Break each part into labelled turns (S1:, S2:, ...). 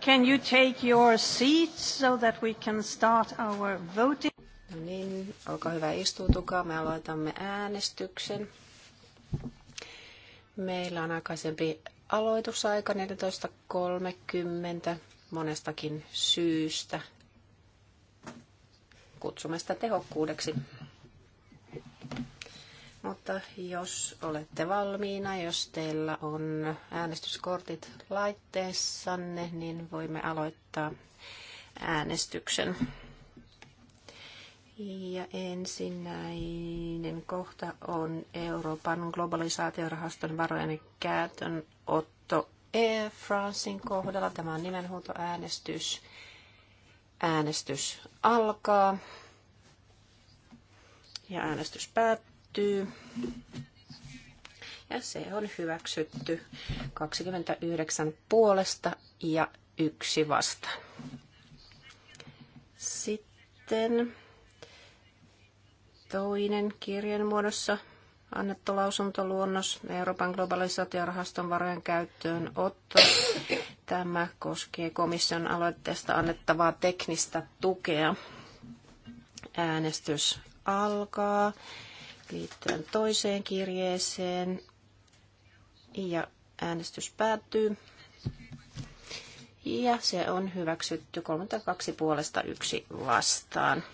S1: Can you take your seats so that we can start our voting? No niin, olkaa hyvä, istuutukaa. Me aloitamme äänestyksen. Meillä on aikaisempi aloitusaika 14.30 monestakin syystä. Kutsumme sitä tehokkuudeksi. Mutta jos olette valmiina, jos teillä on äänestyskortit laitteessanne, niin voimme aloittaa äänestyksen. Ja ensinnäinen kohta on Euroopan globalisaatiorahaston varojen käytön otto Air Francein kohdalla. Tämä on nimenhuutoäänestys. Äänestys alkaa. Ja äänestys päättyy päättyy. Ja se on hyväksytty 29 puolesta ja yksi vasta Sitten toinen kirjan muodossa annettu lausuntoluonnos Euroopan globalisaatiorahaston varojen käyttöön otto. Tämä koskee komission aloitteesta annettavaa teknistä tukea. Äänestys alkaa liittyen toiseen kirjeeseen. Ja äänestys päättyy. Ja se on hyväksytty 32 puolesta yksi vastaan.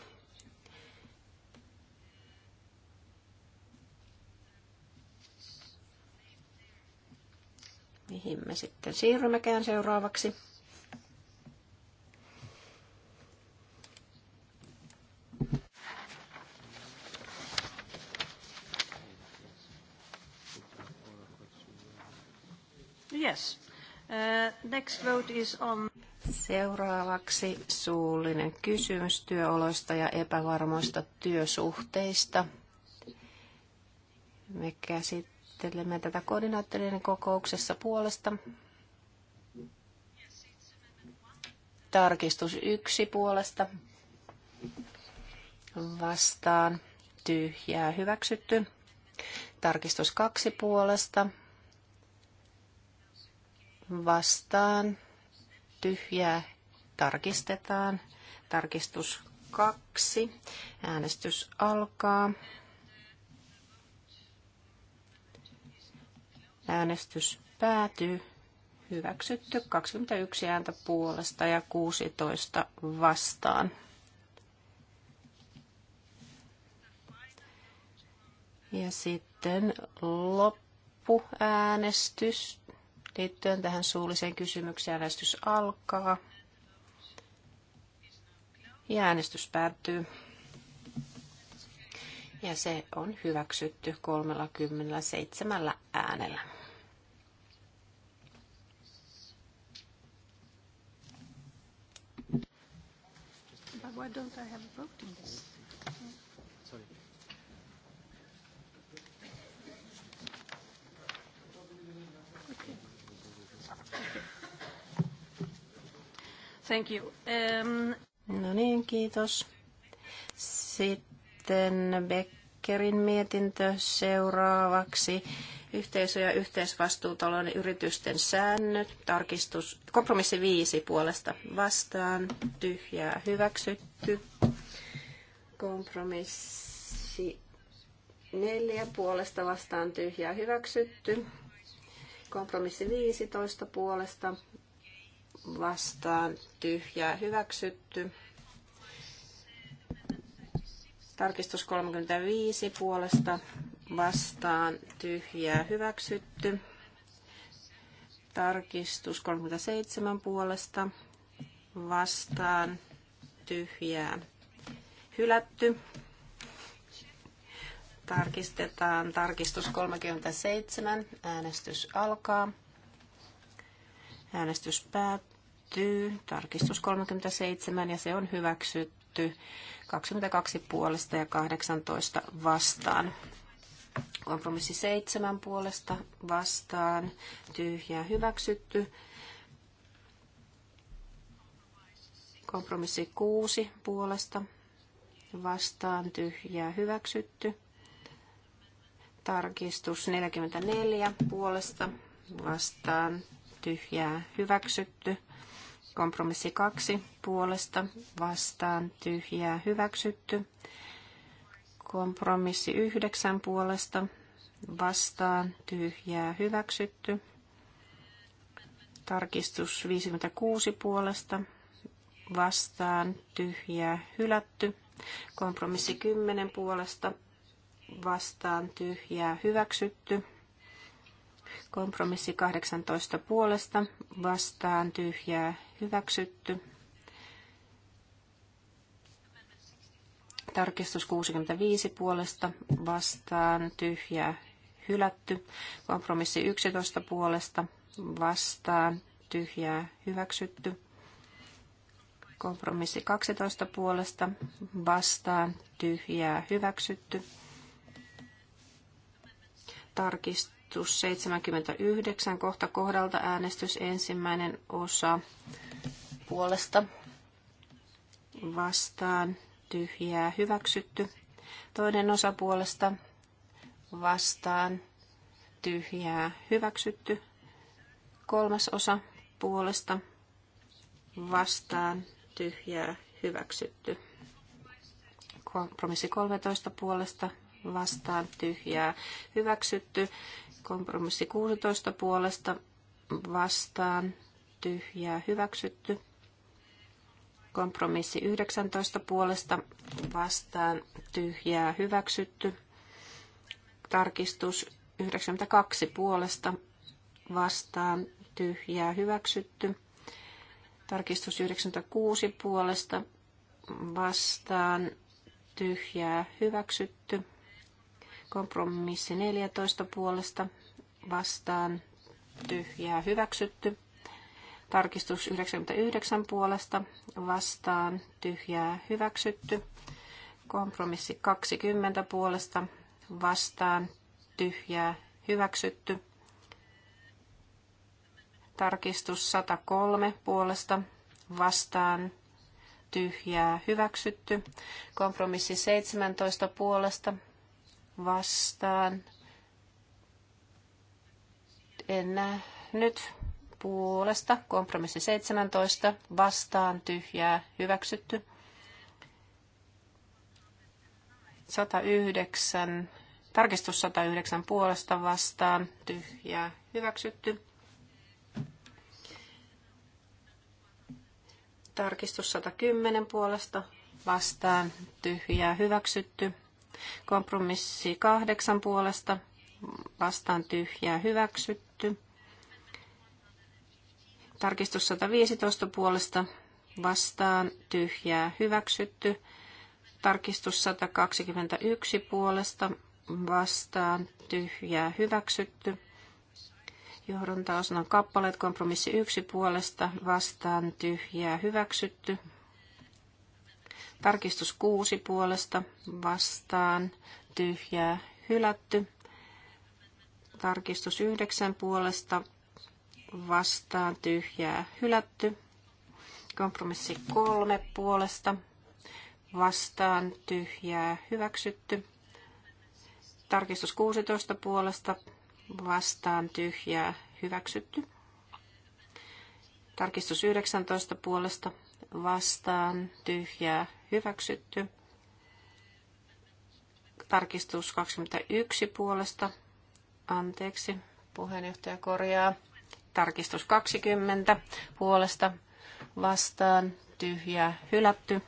S1: Mihin me sitten siirrymmekään seuraavaksi? Yes. Uh, next vote is on... Seuraavaksi suullinen kysymys työoloista ja epävarmoista työsuhteista. Me käsittelemme tätä koordinaattorien kokouksessa puolesta. Tarkistus yksi puolesta. Vastaan tyhjää hyväksytty. Tarkistus kaksi puolesta vastaan, tyhjää, tarkistetaan. Tarkistus kaksi. Äänestys alkaa. Äänestys päätyy. Hyväksytty 21 ääntä puolesta ja 16 vastaan. Ja sitten loppuäänestys Liittyen tähän suulliseen kysymykseen äänestys alkaa. Ja äänestys päättyy. Ja se on hyväksytty 37 äänellä. But why don't I have a vote in this? Thank you. Um, no niin, kiitos. Sitten Beckerin mietintö seuraavaksi. Yhteisö- ja yhteisvastuutalouden yritysten säännöt. Tarkistus. Kompromissi viisi puolesta vastaan. Tyhjää hyväksytty. Kompromissi neljä puolesta vastaan tyhjää hyväksytty. Kompromissi 15 puolesta vastaan tyhjää hyväksytty. Tarkistus 35 puolesta vastaan tyhjää hyväksytty. Tarkistus 37 puolesta vastaan tyhjää hylätty. Tarkistetaan tarkistus 37. Äänestys alkaa. Äänestys päättyy. Tarkistus 37 ja se on hyväksytty 22 puolesta ja 18 vastaan. Kompromissi 7 puolesta vastaan. Tyhjää hyväksytty. Kompromissi 6 puolesta vastaan tyhjää hyväksytty. Tarkistus 44 puolesta vastaan tyhjää hyväksytty. Kompromissi 2 puolesta vastaan tyhjää hyväksytty. Kompromissi 9 puolesta vastaan tyhjää hyväksytty. Tarkistus 56 puolesta vastaan tyhjää hylätty. Kompromissi 10 puolesta vastaan tyhjää hyväksytty. Kompromissi 18 puolesta vastaan tyhjää hyväksytty. Tarkistus 65 puolesta vastaan tyhjää hylätty. Kompromissi 11 puolesta vastaan tyhjää hyväksytty. Kompromissi 12 puolesta vastaan tyhjää hyväksytty tarkistus 79, kohta kohdalta äänestys ensimmäinen osa puolesta vastaan tyhjää hyväksytty. Toinen osa puolesta vastaan tyhjää hyväksytty. Kolmas osa puolesta vastaan tyhjää hyväksytty. Kompromissi 13 puolesta vastaan tyhjää hyväksytty. Kompromissi 16 puolesta vastaan tyhjää hyväksytty. Kompromissi 19 puolesta vastaan tyhjää hyväksytty. Tarkistus 92 puolesta vastaan tyhjää hyväksytty. Tarkistus 96 puolesta vastaan tyhjää hyväksytty. Kompromissi 14 puolesta vastaan tyhjää hyväksytty. Tarkistus 99 puolesta vastaan tyhjää hyväksytty. Kompromissi 20 puolesta vastaan tyhjää hyväksytty. Tarkistus 103 puolesta vastaan tyhjää hyväksytty. Kompromissi 17 puolesta vastaan. En nyt puolesta. Kompromissi 17 vastaan tyhjää hyväksytty. 109, tarkistus 109 puolesta vastaan, tyhjää hyväksytty. Tarkistus 110 puolesta vastaan, tyhjää hyväksytty. Kompromissi kahdeksan puolesta vastaan tyhjää hyväksytty. Tarkistus 115 puolesta vastaan tyhjää hyväksytty. Tarkistus 121 puolesta vastaan tyhjää hyväksytty. Johdontaosan kappaleet kompromissi 1 puolesta vastaan tyhjää hyväksytty. Tarkistus kuusi puolesta vastaan tyhjää hylätty. Tarkistus yhdeksän puolesta vastaan tyhjää hylätty. Kompromissi kolme puolesta vastaan tyhjää hyväksytty. Tarkistus 16 puolesta vastaan tyhjää hyväksytty. Tarkistus 19 puolesta vastaan tyhjää hyväksytty. Tarkistus 21 puolesta. Anteeksi, puheenjohtaja korjaa. Tarkistus 20 puolesta vastaan tyhjää hylätty.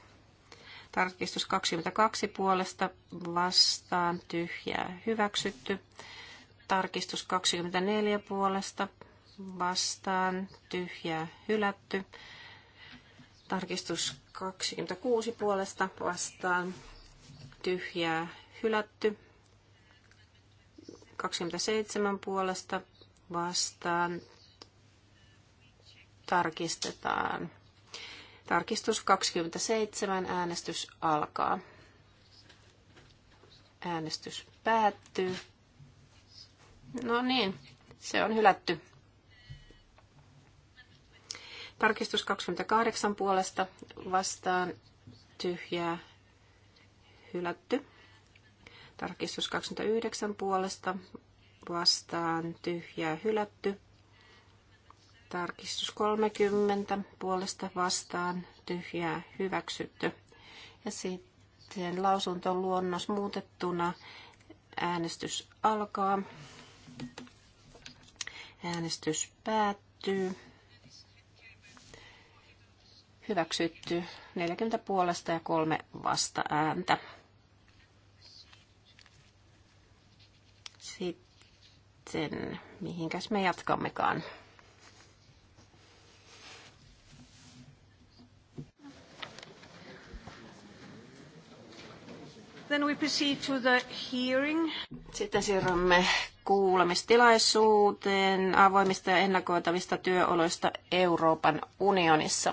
S1: Tarkistus 22 puolesta vastaan tyhjää hyväksytty. Tarkistus 24 puolesta vastaan tyhjää hylätty. Tarkistus 26 puolesta vastaan. Tyhjää hylätty. 27 puolesta vastaan. Tarkistetaan. Tarkistus 27. Äänestys alkaa. Äänestys päättyy. No niin, se on hylätty. Tarkistus 28 puolesta vastaan tyhjää hylätty. Tarkistus 29 puolesta vastaan tyhjää hylätty. Tarkistus 30 puolesta vastaan tyhjää hyväksytty. Ja sitten lausunton luonnos muutettuna äänestys alkaa. Äänestys päättyy. Hyväksytty 40 puolesta ja kolme vasta ääntä. Sitten mihinkäs me jatkammekaan?
S2: Then we proceed to the hearing.
S1: Sitten siirrymme kuulemistilaisuuteen avoimista ja ennakoitavista työoloista Euroopan unionissa.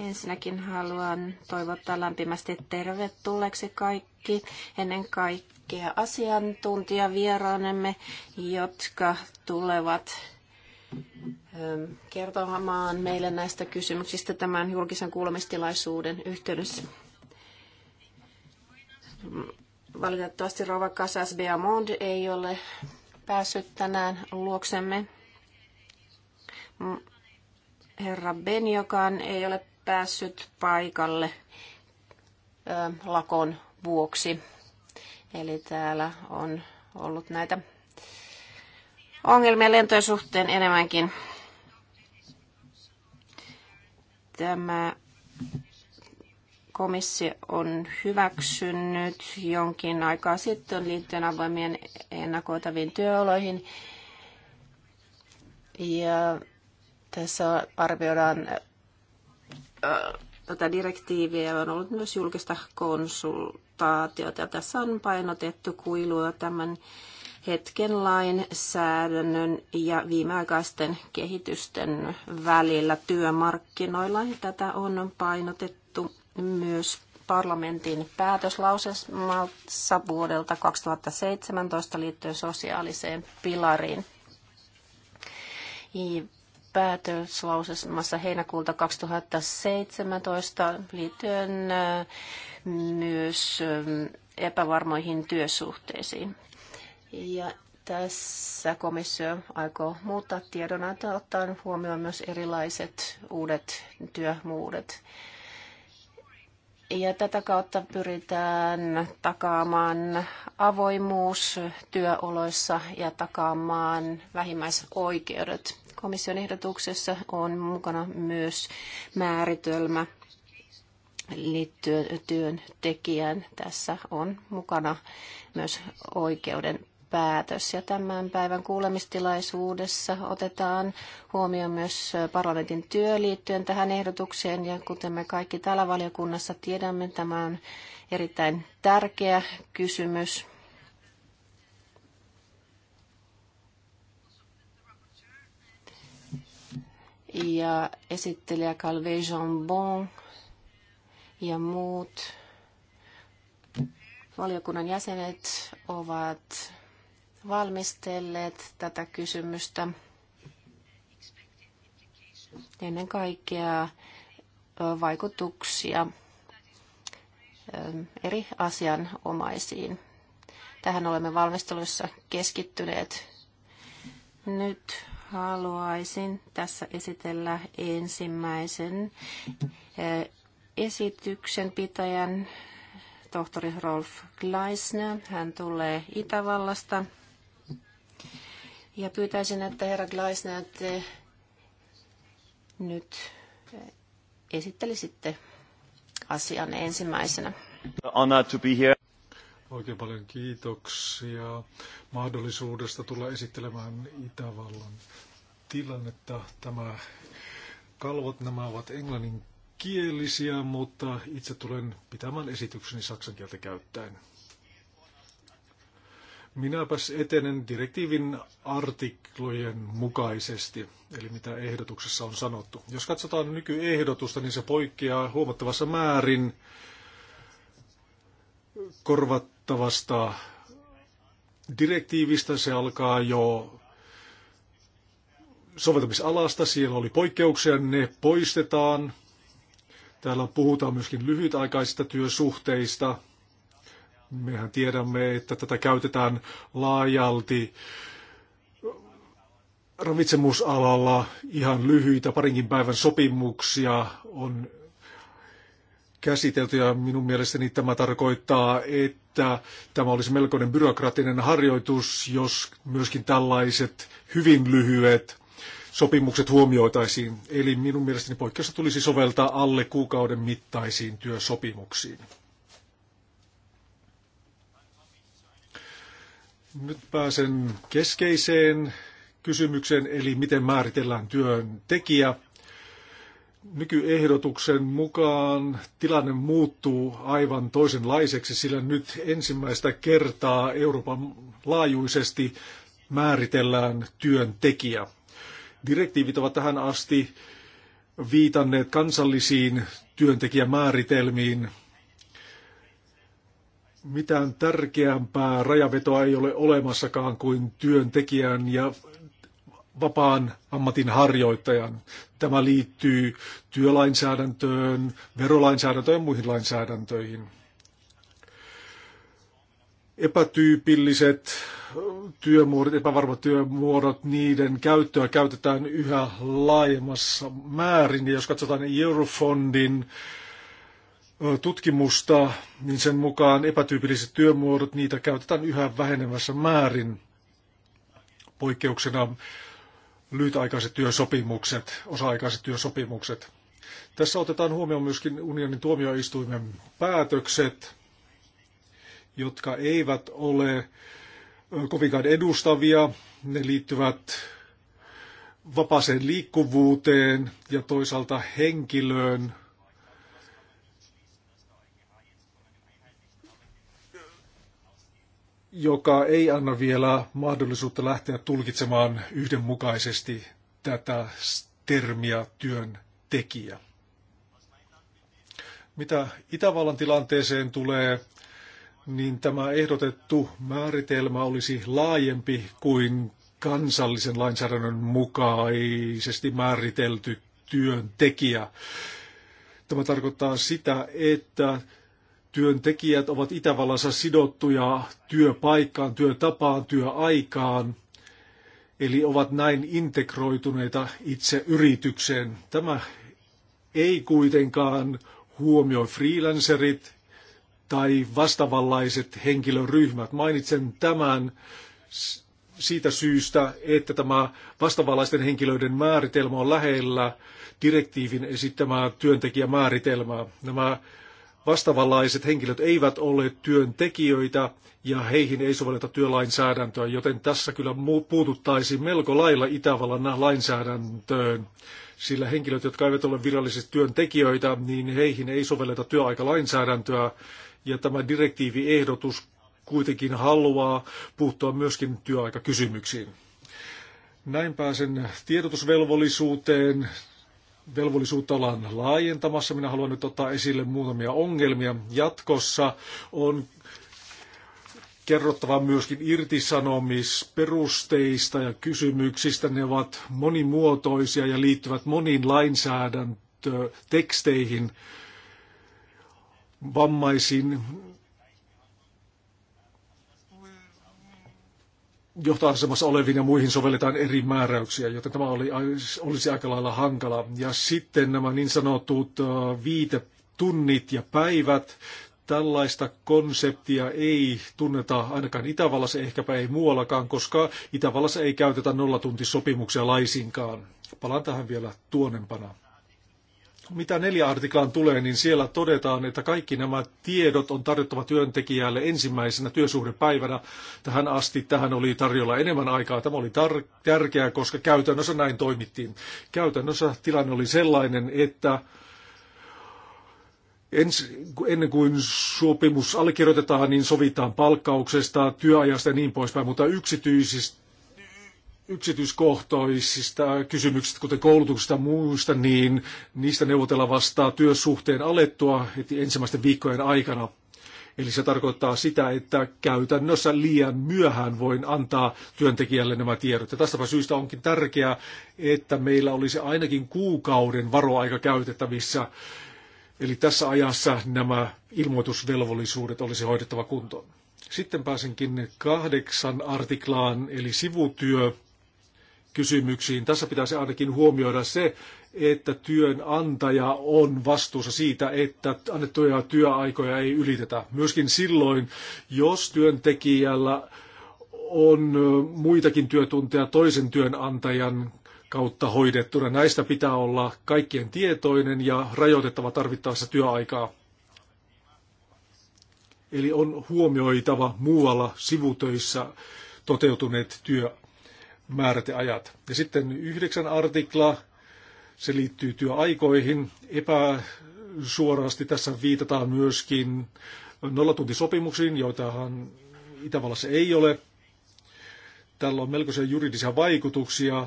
S1: Ensinnäkin haluan toivottaa lämpimästi tervetulleeksi kaikki, ennen kaikkea asiantuntijavieraanemme, jotka tulevat ähm, kertomaan meille näistä kysymyksistä tämän julkisen kuulemistilaisuuden yhteydessä. Valitettavasti Rova Casas Beamond ei ole päässyt tänään luoksemme. Herra Ben, joka ei ole päässyt paikalle lakon vuoksi. Eli täällä on ollut näitä ongelmia lentojen suhteen enemmänkin. Tämä komissio on hyväksynyt jonkin aikaa sitten liittyen avoimien ennakoitaviin työoloihin. Ja tässä arvioidaan tätä direktiiviä ja on ollut myös julkista konsultaatiota. Ja tässä on painotettu kuilua tämän hetken lainsäädännön ja viimeaikaisten kehitysten välillä työmarkkinoilla. Tätä on painotettu myös parlamentin päätöslauselmassa vuodelta 2017 liittyen sosiaaliseen pilariin päätöslauselmassa heinäkuulta 2017 liittyen äh, myös ähm, epävarmoihin työsuhteisiin. Ja tässä komissio aikoo muuttaa tiedonantoa ottaen huomioon myös erilaiset uudet työmuudet. Ja tätä kautta pyritään takaamaan avoimuus työoloissa ja takaamaan vähimmäisoikeudet. Komission ehdotuksessa on mukana myös määritelmä liittyen työntekijään. Tässä on mukana myös oikeuden päätös. Ja tämän päivän kuulemistilaisuudessa otetaan huomioon myös parlamentin työ liittyen tähän ehdotukseen. Ja kuten me kaikki täällä valiokunnassa tiedämme, tämä on erittäin tärkeä kysymys. ja esittelijä Calvé Jambon ja muut valiokunnan jäsenet ovat valmistelleet tätä kysymystä. Ennen kaikkea vaikutuksia eri asianomaisiin. Tähän olemme valmisteluissa keskittyneet. Nyt haluaisin tässä esitellä ensimmäisen eh, esityksen pitäjän tohtori Rolf Gleisner. Hän tulee Itävallasta. Ja pyytäisin, että herra Gleisner, te nyt eh, esittelisitte asian ensimmäisenä.
S2: Honor to be here.
S3: Oikein paljon kiitoksia mahdollisuudesta tulla esittelemään Itävallan tilannetta. Tämä kalvot, nämä ovat englanninkielisiä, mutta itse tulen pitämään esitykseni saksan kieltä käyttäen. Minäpäs etenen direktiivin artiklojen mukaisesti, eli mitä ehdotuksessa on sanottu. Jos katsotaan nykyehdotusta, niin se poikkeaa huomattavassa määrin korvat kattavasta direktiivistä. Se alkaa jo soveltamisalasta. Siellä oli poikkeuksia, ne poistetaan. Täällä puhutaan myöskin lyhytaikaisista työsuhteista. Mehän tiedämme, että tätä käytetään laajalti ravitsemusalalla ihan lyhyitä parinkin päivän sopimuksia on käsitelty ja minun mielestäni tämä tarkoittaa, että tämä olisi melkoinen byrokraattinen harjoitus, jos myöskin tällaiset hyvin lyhyet sopimukset huomioitaisiin. Eli minun mielestäni poikkeusta tulisi soveltaa alle kuukauden mittaisiin työsopimuksiin. Nyt pääsen keskeiseen kysymykseen, eli miten määritellään työntekijä. Nykyehdotuksen mukaan tilanne muuttuu aivan toisenlaiseksi, sillä nyt ensimmäistä kertaa Euroopan laajuisesti määritellään työntekijä. Direktiivit ovat tähän asti viitanneet kansallisiin työntekijämääritelmiin. Mitään tärkeämpää rajavetoa ei ole olemassakaan kuin työntekijän ja vapaan ammatin harjoittajan. Tämä liittyy työlainsäädäntöön, verolainsäädäntöön ja muihin lainsäädäntöihin. Epätyypilliset työmuodot, epävarmat työmuodot, niiden käyttöä käytetään yhä laajemmassa määrin. Ja jos katsotaan Eurofondin tutkimusta, niin sen mukaan epätyypilliset työmuodot, niitä käytetään yhä vähenevässä määrin. Poikkeuksena lyhytaikaiset työsopimukset, osa-aikaiset työsopimukset. Tässä otetaan huomioon myöskin unionin tuomioistuimen päätökset, jotka eivät ole kovinkaan edustavia. Ne liittyvät vapaaseen liikkuvuuteen ja toisaalta henkilöön joka ei anna vielä mahdollisuutta lähteä tulkitsemaan yhdenmukaisesti tätä termiä työn tekijä. Mitä Itävallan tilanteeseen tulee, niin tämä ehdotettu määritelmä olisi laajempi kuin kansallisen lainsäädännön mukaisesti määritelty työntekijä. Tämä tarkoittaa sitä, että työntekijät ovat Itävallassa sidottuja työpaikkaan, työtapaan, työaikaan, eli ovat näin integroituneita itse yritykseen. Tämä ei kuitenkaan huomioi freelancerit tai vastavallaiset henkilöryhmät. Mainitsen tämän siitä syystä, että tämä vastaavanlaisten henkilöiden määritelmä on lähellä direktiivin esittämää työntekijämääritelmää. Nämä vastaavanlaiset henkilöt eivät ole työntekijöitä ja heihin ei sovelleta työlainsäädäntöä, joten tässä kyllä puututtaisiin melko lailla Itävallan lainsäädäntöön. Sillä henkilöt, jotka eivät ole virallisesti työntekijöitä, niin heihin ei sovelleta työaikalainsäädäntöä. Ja tämä direktiiviehdotus kuitenkin haluaa puuttua myöskin työaikakysymyksiin. Näin pääsen tiedotusvelvollisuuteen, velvollisuutta ollaan laajentamassa. Minä haluan nyt ottaa esille muutamia ongelmia. Jatkossa on kerrottava myöskin irtisanomisperusteista ja kysymyksistä. Ne ovat monimuotoisia ja liittyvät moniin lainsäädäntöteksteihin, vammaisiin johtoasemassa oleviin ja muihin sovelletaan eri määräyksiä, joten tämä oli, olisi aika lailla hankala. Ja sitten nämä niin sanotut viitetunnit ja päivät, tällaista konseptia ei tunneta ainakaan Itävallassa, ehkäpä ei muuallakaan, koska Itävallassa ei käytetä nollatuntisopimuksia laisinkaan. Palaan tähän vielä tuonempana mitä neljä artiklaan tulee, niin siellä todetaan, että kaikki nämä tiedot on tarjottava työntekijälle ensimmäisenä työsuhdepäivänä. Tähän asti tähän oli tarjolla enemmän aikaa. Tämä oli tar- tärkeää, koska käytännössä näin toimittiin. Käytännössä tilanne oli sellainen, että ennen kuin sopimus allekirjoitetaan, niin sovitaan palkkauksesta, työajasta ja niin poispäin, mutta yksityisistä yksityiskohtaisista kysymyksistä, kuten koulutuksesta ja muista, niin niistä neuvotella vastaa työsuhteen alettua heti ensimmäisten viikkojen aikana. Eli se tarkoittaa sitä, että käytännössä liian myöhään voin antaa työntekijälle nämä tiedot. Ja tästäpä syystä onkin tärkeää, että meillä olisi ainakin kuukauden varoaika käytettävissä. Eli tässä ajassa nämä ilmoitusvelvollisuudet olisi hoidettava kuntoon. Sitten pääsenkin kahdeksan artiklaan, eli sivutyö kysymyksiin. Tässä pitäisi ainakin huomioida se, että työnantaja on vastuussa siitä, että annettuja työaikoja ei ylitetä. Myöskin silloin, jos työntekijällä on muitakin työtunteja toisen työnantajan kautta hoidettuna. Näistä pitää olla kaikkien tietoinen ja rajoitettava tarvittaessa työaikaa. Eli on huomioitava muualla sivutöissä toteutuneet työaikaa määrät ja ajat. Ja sitten yhdeksän artikla, se liittyy työaikoihin. Epäsuorasti tässä viitataan myöskin nollatuntisopimuksiin, joitahan Itävallassa ei ole. Tällä on melkoisia juridisia vaikutuksia.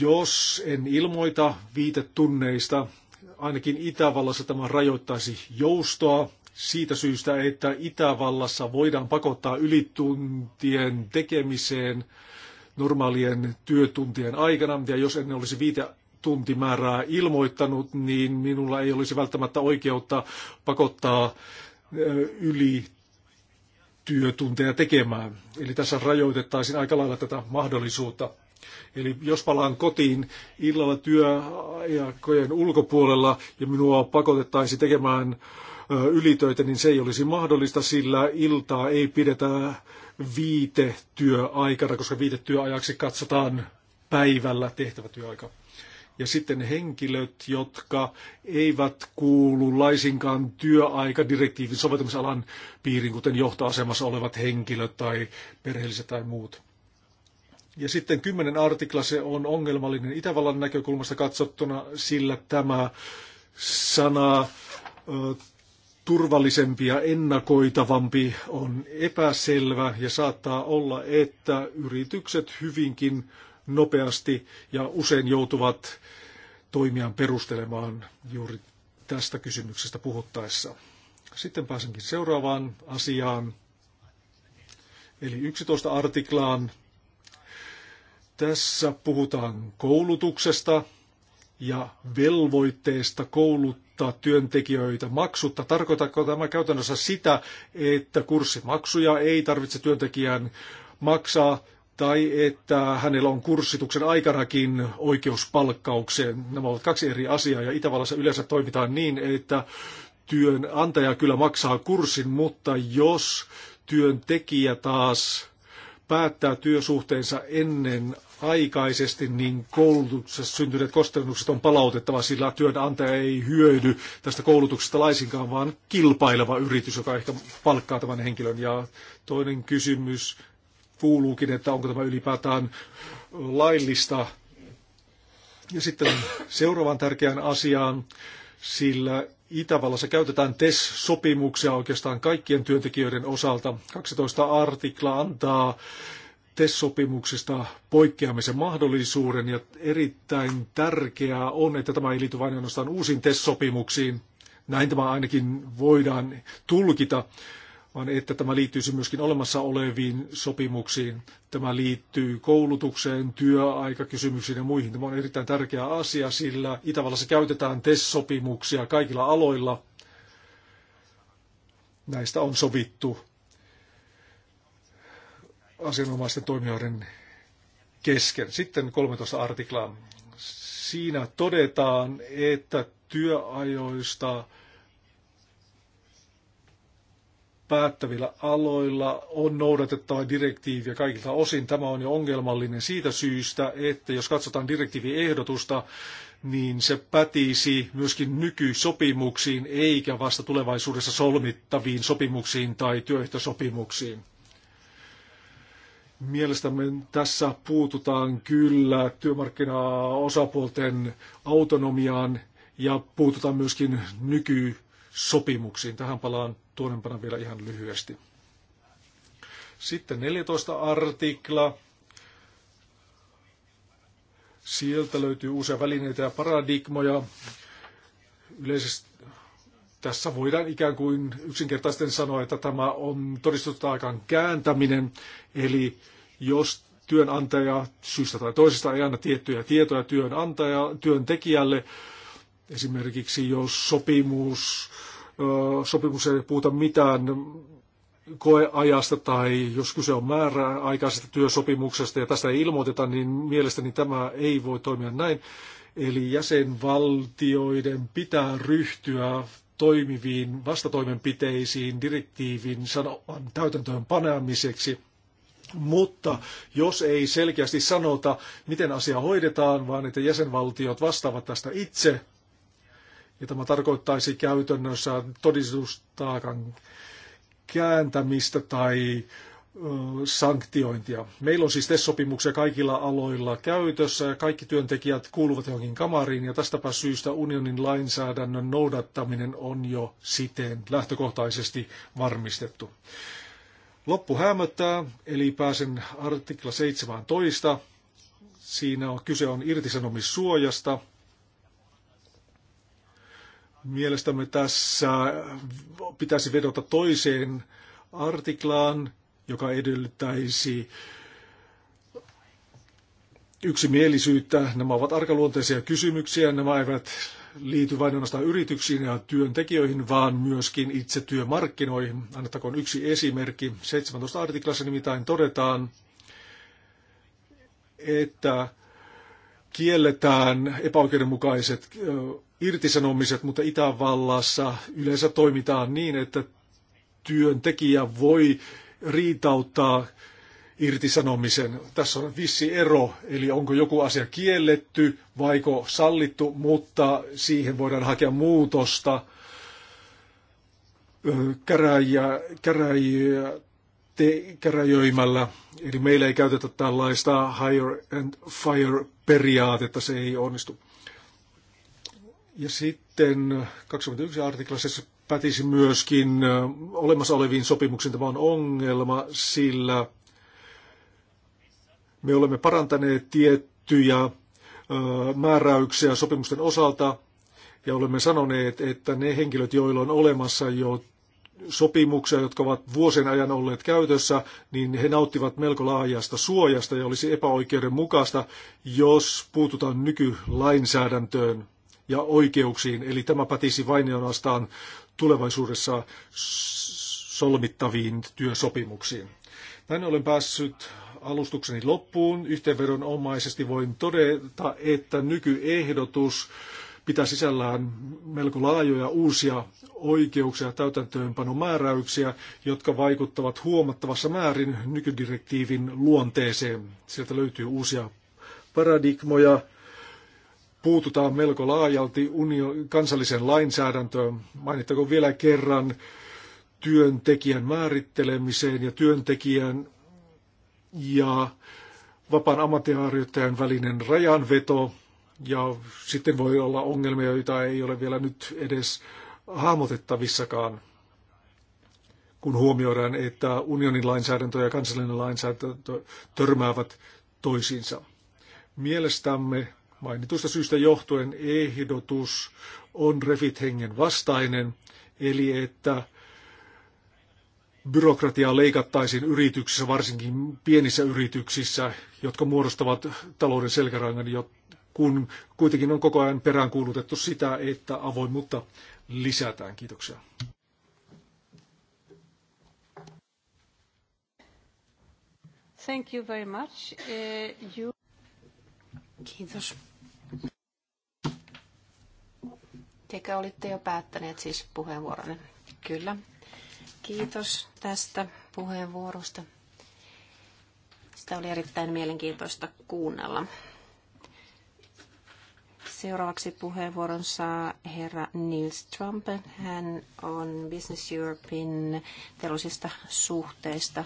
S3: Jos en ilmoita viitetunneista, ainakin Itävallassa tämä rajoittaisi joustoa siitä syystä, että Itävallassa voidaan pakottaa ylituntien tekemiseen – normaalien työtuntien aikana. Ja jos en olisi viite tuntimäärää ilmoittanut, niin minulla ei olisi välttämättä oikeutta pakottaa yli työtunteja tekemään. Eli tässä rajoitettaisiin aika lailla tätä mahdollisuutta. Eli jos palaan kotiin illalla työajakojen ulkopuolella ja minua pakotettaisiin tekemään ylitöitä, niin se ei olisi mahdollista, sillä iltaa ei pidetä viitetyöaikana, koska viitetyöajaksi katsotaan päivällä tehtävä työaika. Ja sitten henkilöt, jotka eivät kuulu laisinkaan työaikadirektiivin soveltamisalan piiriin, kuten johtoasemassa olevat henkilöt tai perheelliset tai muut. Ja sitten kymmenen artikla, se on ongelmallinen Itävallan näkökulmasta katsottuna, sillä tämä sana turvallisempi ja ennakoitavampi on epäselvä ja saattaa olla, että yritykset hyvinkin nopeasti ja usein joutuvat toimiaan perustelemaan juuri tästä kysymyksestä puhuttaessa. Sitten pääsenkin seuraavaan asiaan, eli 11 artiklaan. Tässä puhutaan koulutuksesta, ja velvoitteesta kouluttaa työntekijöitä maksutta. Tarkoitatko tämä käytännössä sitä, että kurssimaksuja ei tarvitse työntekijän maksaa tai että hänellä on kurssituksen aikanakin oikeus palkkaukseen. Nämä ovat kaksi eri asiaa ja Itävallassa yleensä toimitaan niin, että työnantaja kyllä maksaa kurssin, mutta jos työntekijä taas päättää työsuhteensa ennen aikaisesti, niin koulutuksessa syntyneet kustannukset on palautettava, sillä työnantaja ei hyödy tästä koulutuksesta laisinkaan, vaan kilpaileva yritys, joka ehkä palkkaa tämän henkilön. Ja toinen kysymys kuuluukin, että onko tämä ylipäätään laillista. Ja sitten seuraavaan tärkeään asiaan, sillä Itävallassa käytetään TES-sopimuksia oikeastaan kaikkien työntekijöiden osalta. 12 artikla antaa TES-sopimuksista poikkeamisen mahdollisuuden ja erittäin tärkeää on, että tämä ei liity vain ainoastaan uusiin TES-sopimuksiin. Näin tämä ainakin voidaan tulkita vaan että tämä liittyisi myöskin olemassa oleviin sopimuksiin. Tämä liittyy koulutukseen, työaikakysymyksiin ja muihin. Tämä on erittäin tärkeä asia, sillä Itävallassa käytetään TES-sopimuksia kaikilla aloilla. Näistä on sovittu asianomaisten toimijoiden kesken. Sitten 13 artiklaa. Siinä todetaan, että työajoista päättävillä aloilla on noudatettava direktiiviä kaikilta osin. Tämä on jo ongelmallinen siitä syystä, että jos katsotaan direktiiviehdotusta, niin se pätisi myöskin nykysopimuksiin eikä vasta tulevaisuudessa solmittaviin sopimuksiin tai työehtosopimuksiin. Mielestämme tässä puututaan kyllä työmarkkinaosapuolten autonomiaan ja puututaan myöskin nyky sopimuksiin. Tähän palaan tuonempana vielä ihan lyhyesti. Sitten 14 artikla. Sieltä löytyy uusia välineitä ja paradigmoja. Yleisesti tässä voidaan ikään kuin yksinkertaisesti sanoa, että tämä on todistustaakan kääntäminen. Eli jos työnantaja syystä tai toisesta ei anna tiettyjä tietoja työnantaja, työntekijälle, Esimerkiksi jos sopimus, sopimus ei puhuta mitään koeajasta tai jos kyse on määräaikaisesta työsopimuksesta ja tästä ei ilmoiteta, niin mielestäni tämä ei voi toimia näin. Eli jäsenvaltioiden pitää ryhtyä toimiviin vastatoimenpiteisiin direktiivin sanoman täytäntöön paneamiseksi. Mutta jos ei selkeästi sanota, miten asia hoidetaan, vaan että jäsenvaltiot vastaavat tästä itse, ja tämä tarkoittaisi käytännössä todistustaakan kääntämistä tai sanktiointia. Meillä on siis TES-sopimuksia kaikilla aloilla käytössä ja kaikki työntekijät kuuluvat johonkin kamariin ja tästäpä syystä unionin lainsäädännön noudattaminen on jo siten lähtökohtaisesti varmistettu. Loppu hämöttää, eli pääsen artikla 17. Siinä on kyse on irtisanomissuojasta Mielestämme tässä pitäisi vedota toiseen artiklaan, joka edellyttäisi yksimielisyyttä. Nämä ovat arkaluonteisia kysymyksiä. Nämä eivät liity vain ainoastaan yrityksiin ja työntekijöihin, vaan myöskin itse työmarkkinoihin. Annettakoon yksi esimerkki. 17 artiklassa nimittäin todetaan, että kielletään epäoikeudenmukaiset irtisanomiset, mutta Itävallassa yleensä toimitaan niin, että työntekijä voi riitauttaa irtisanomisen. Tässä on vissi ero, eli onko joku asia kielletty vaiko sallittu, mutta siihen voidaan hakea muutosta. Käräjiä, käräjiä te, käräjöimällä. Eli meillä ei käytetä tällaista hire and fire periaatetta, se ei onnistu. Ja sitten 21 artiklassa pätisi myöskin olemassa oleviin sopimuksiin tämä on ongelma, sillä me olemme parantaneet tiettyjä määräyksiä sopimusten osalta ja olemme sanoneet, että ne henkilöt, joilla on olemassa jo sopimuksia, jotka ovat vuosien ajan olleet käytössä, niin he nauttivat melko laajasta suojasta ja olisi epäoikeudenmukaista, jos puututaan nykylainsäädäntöön ja oikeuksiin. Eli tämä pätisi vain ja ainoastaan tulevaisuudessa solmittaviin työsopimuksiin. Näin olen päässyt alustukseni loppuun. Yhteenvedonomaisesti voin todeta, että nykyehdotus pitää sisällään melko laajoja uusia oikeuksia täytäntöönpanomääräyksiä, jotka vaikuttavat huomattavassa määrin nykydirektiivin luonteeseen. Sieltä löytyy uusia paradigmoja, puututaan melko laajalti kansalliseen lainsäädäntöön. Mainittakoon vielä kerran työntekijän määrittelemiseen ja työntekijän ja vapaan ammattiharjoittajan välinen rajanveto, ja sitten voi olla ongelmia, joita ei ole vielä nyt edes hahmotettavissakaan, kun huomioidaan, että unionin lainsäädäntö ja kansallinen lainsäädäntö törmäävät toisiinsa. Mielestämme mainitusta syystä johtuen ehdotus on refithengen vastainen, eli että byrokratiaa leikattaisiin yrityksissä, varsinkin pienissä yrityksissä, jotka muodostavat talouden selkärangan, jotta kun kuitenkin on koko ajan peräänkuulutettu sitä, että avoimuutta lisätään. Kiitoksia.
S1: Thank you very much. Uh, you... Kiitos. Tekä olitte jo päättäneet siis puheenvuoronne. Kyllä. Kiitos tästä puheenvuorosta. Sitä oli erittäin mielenkiintoista kuunnella. Seuraavaksi puheenvuoron saa herra Nils Trump. Hän on Business Europein
S2: teollisista suhteista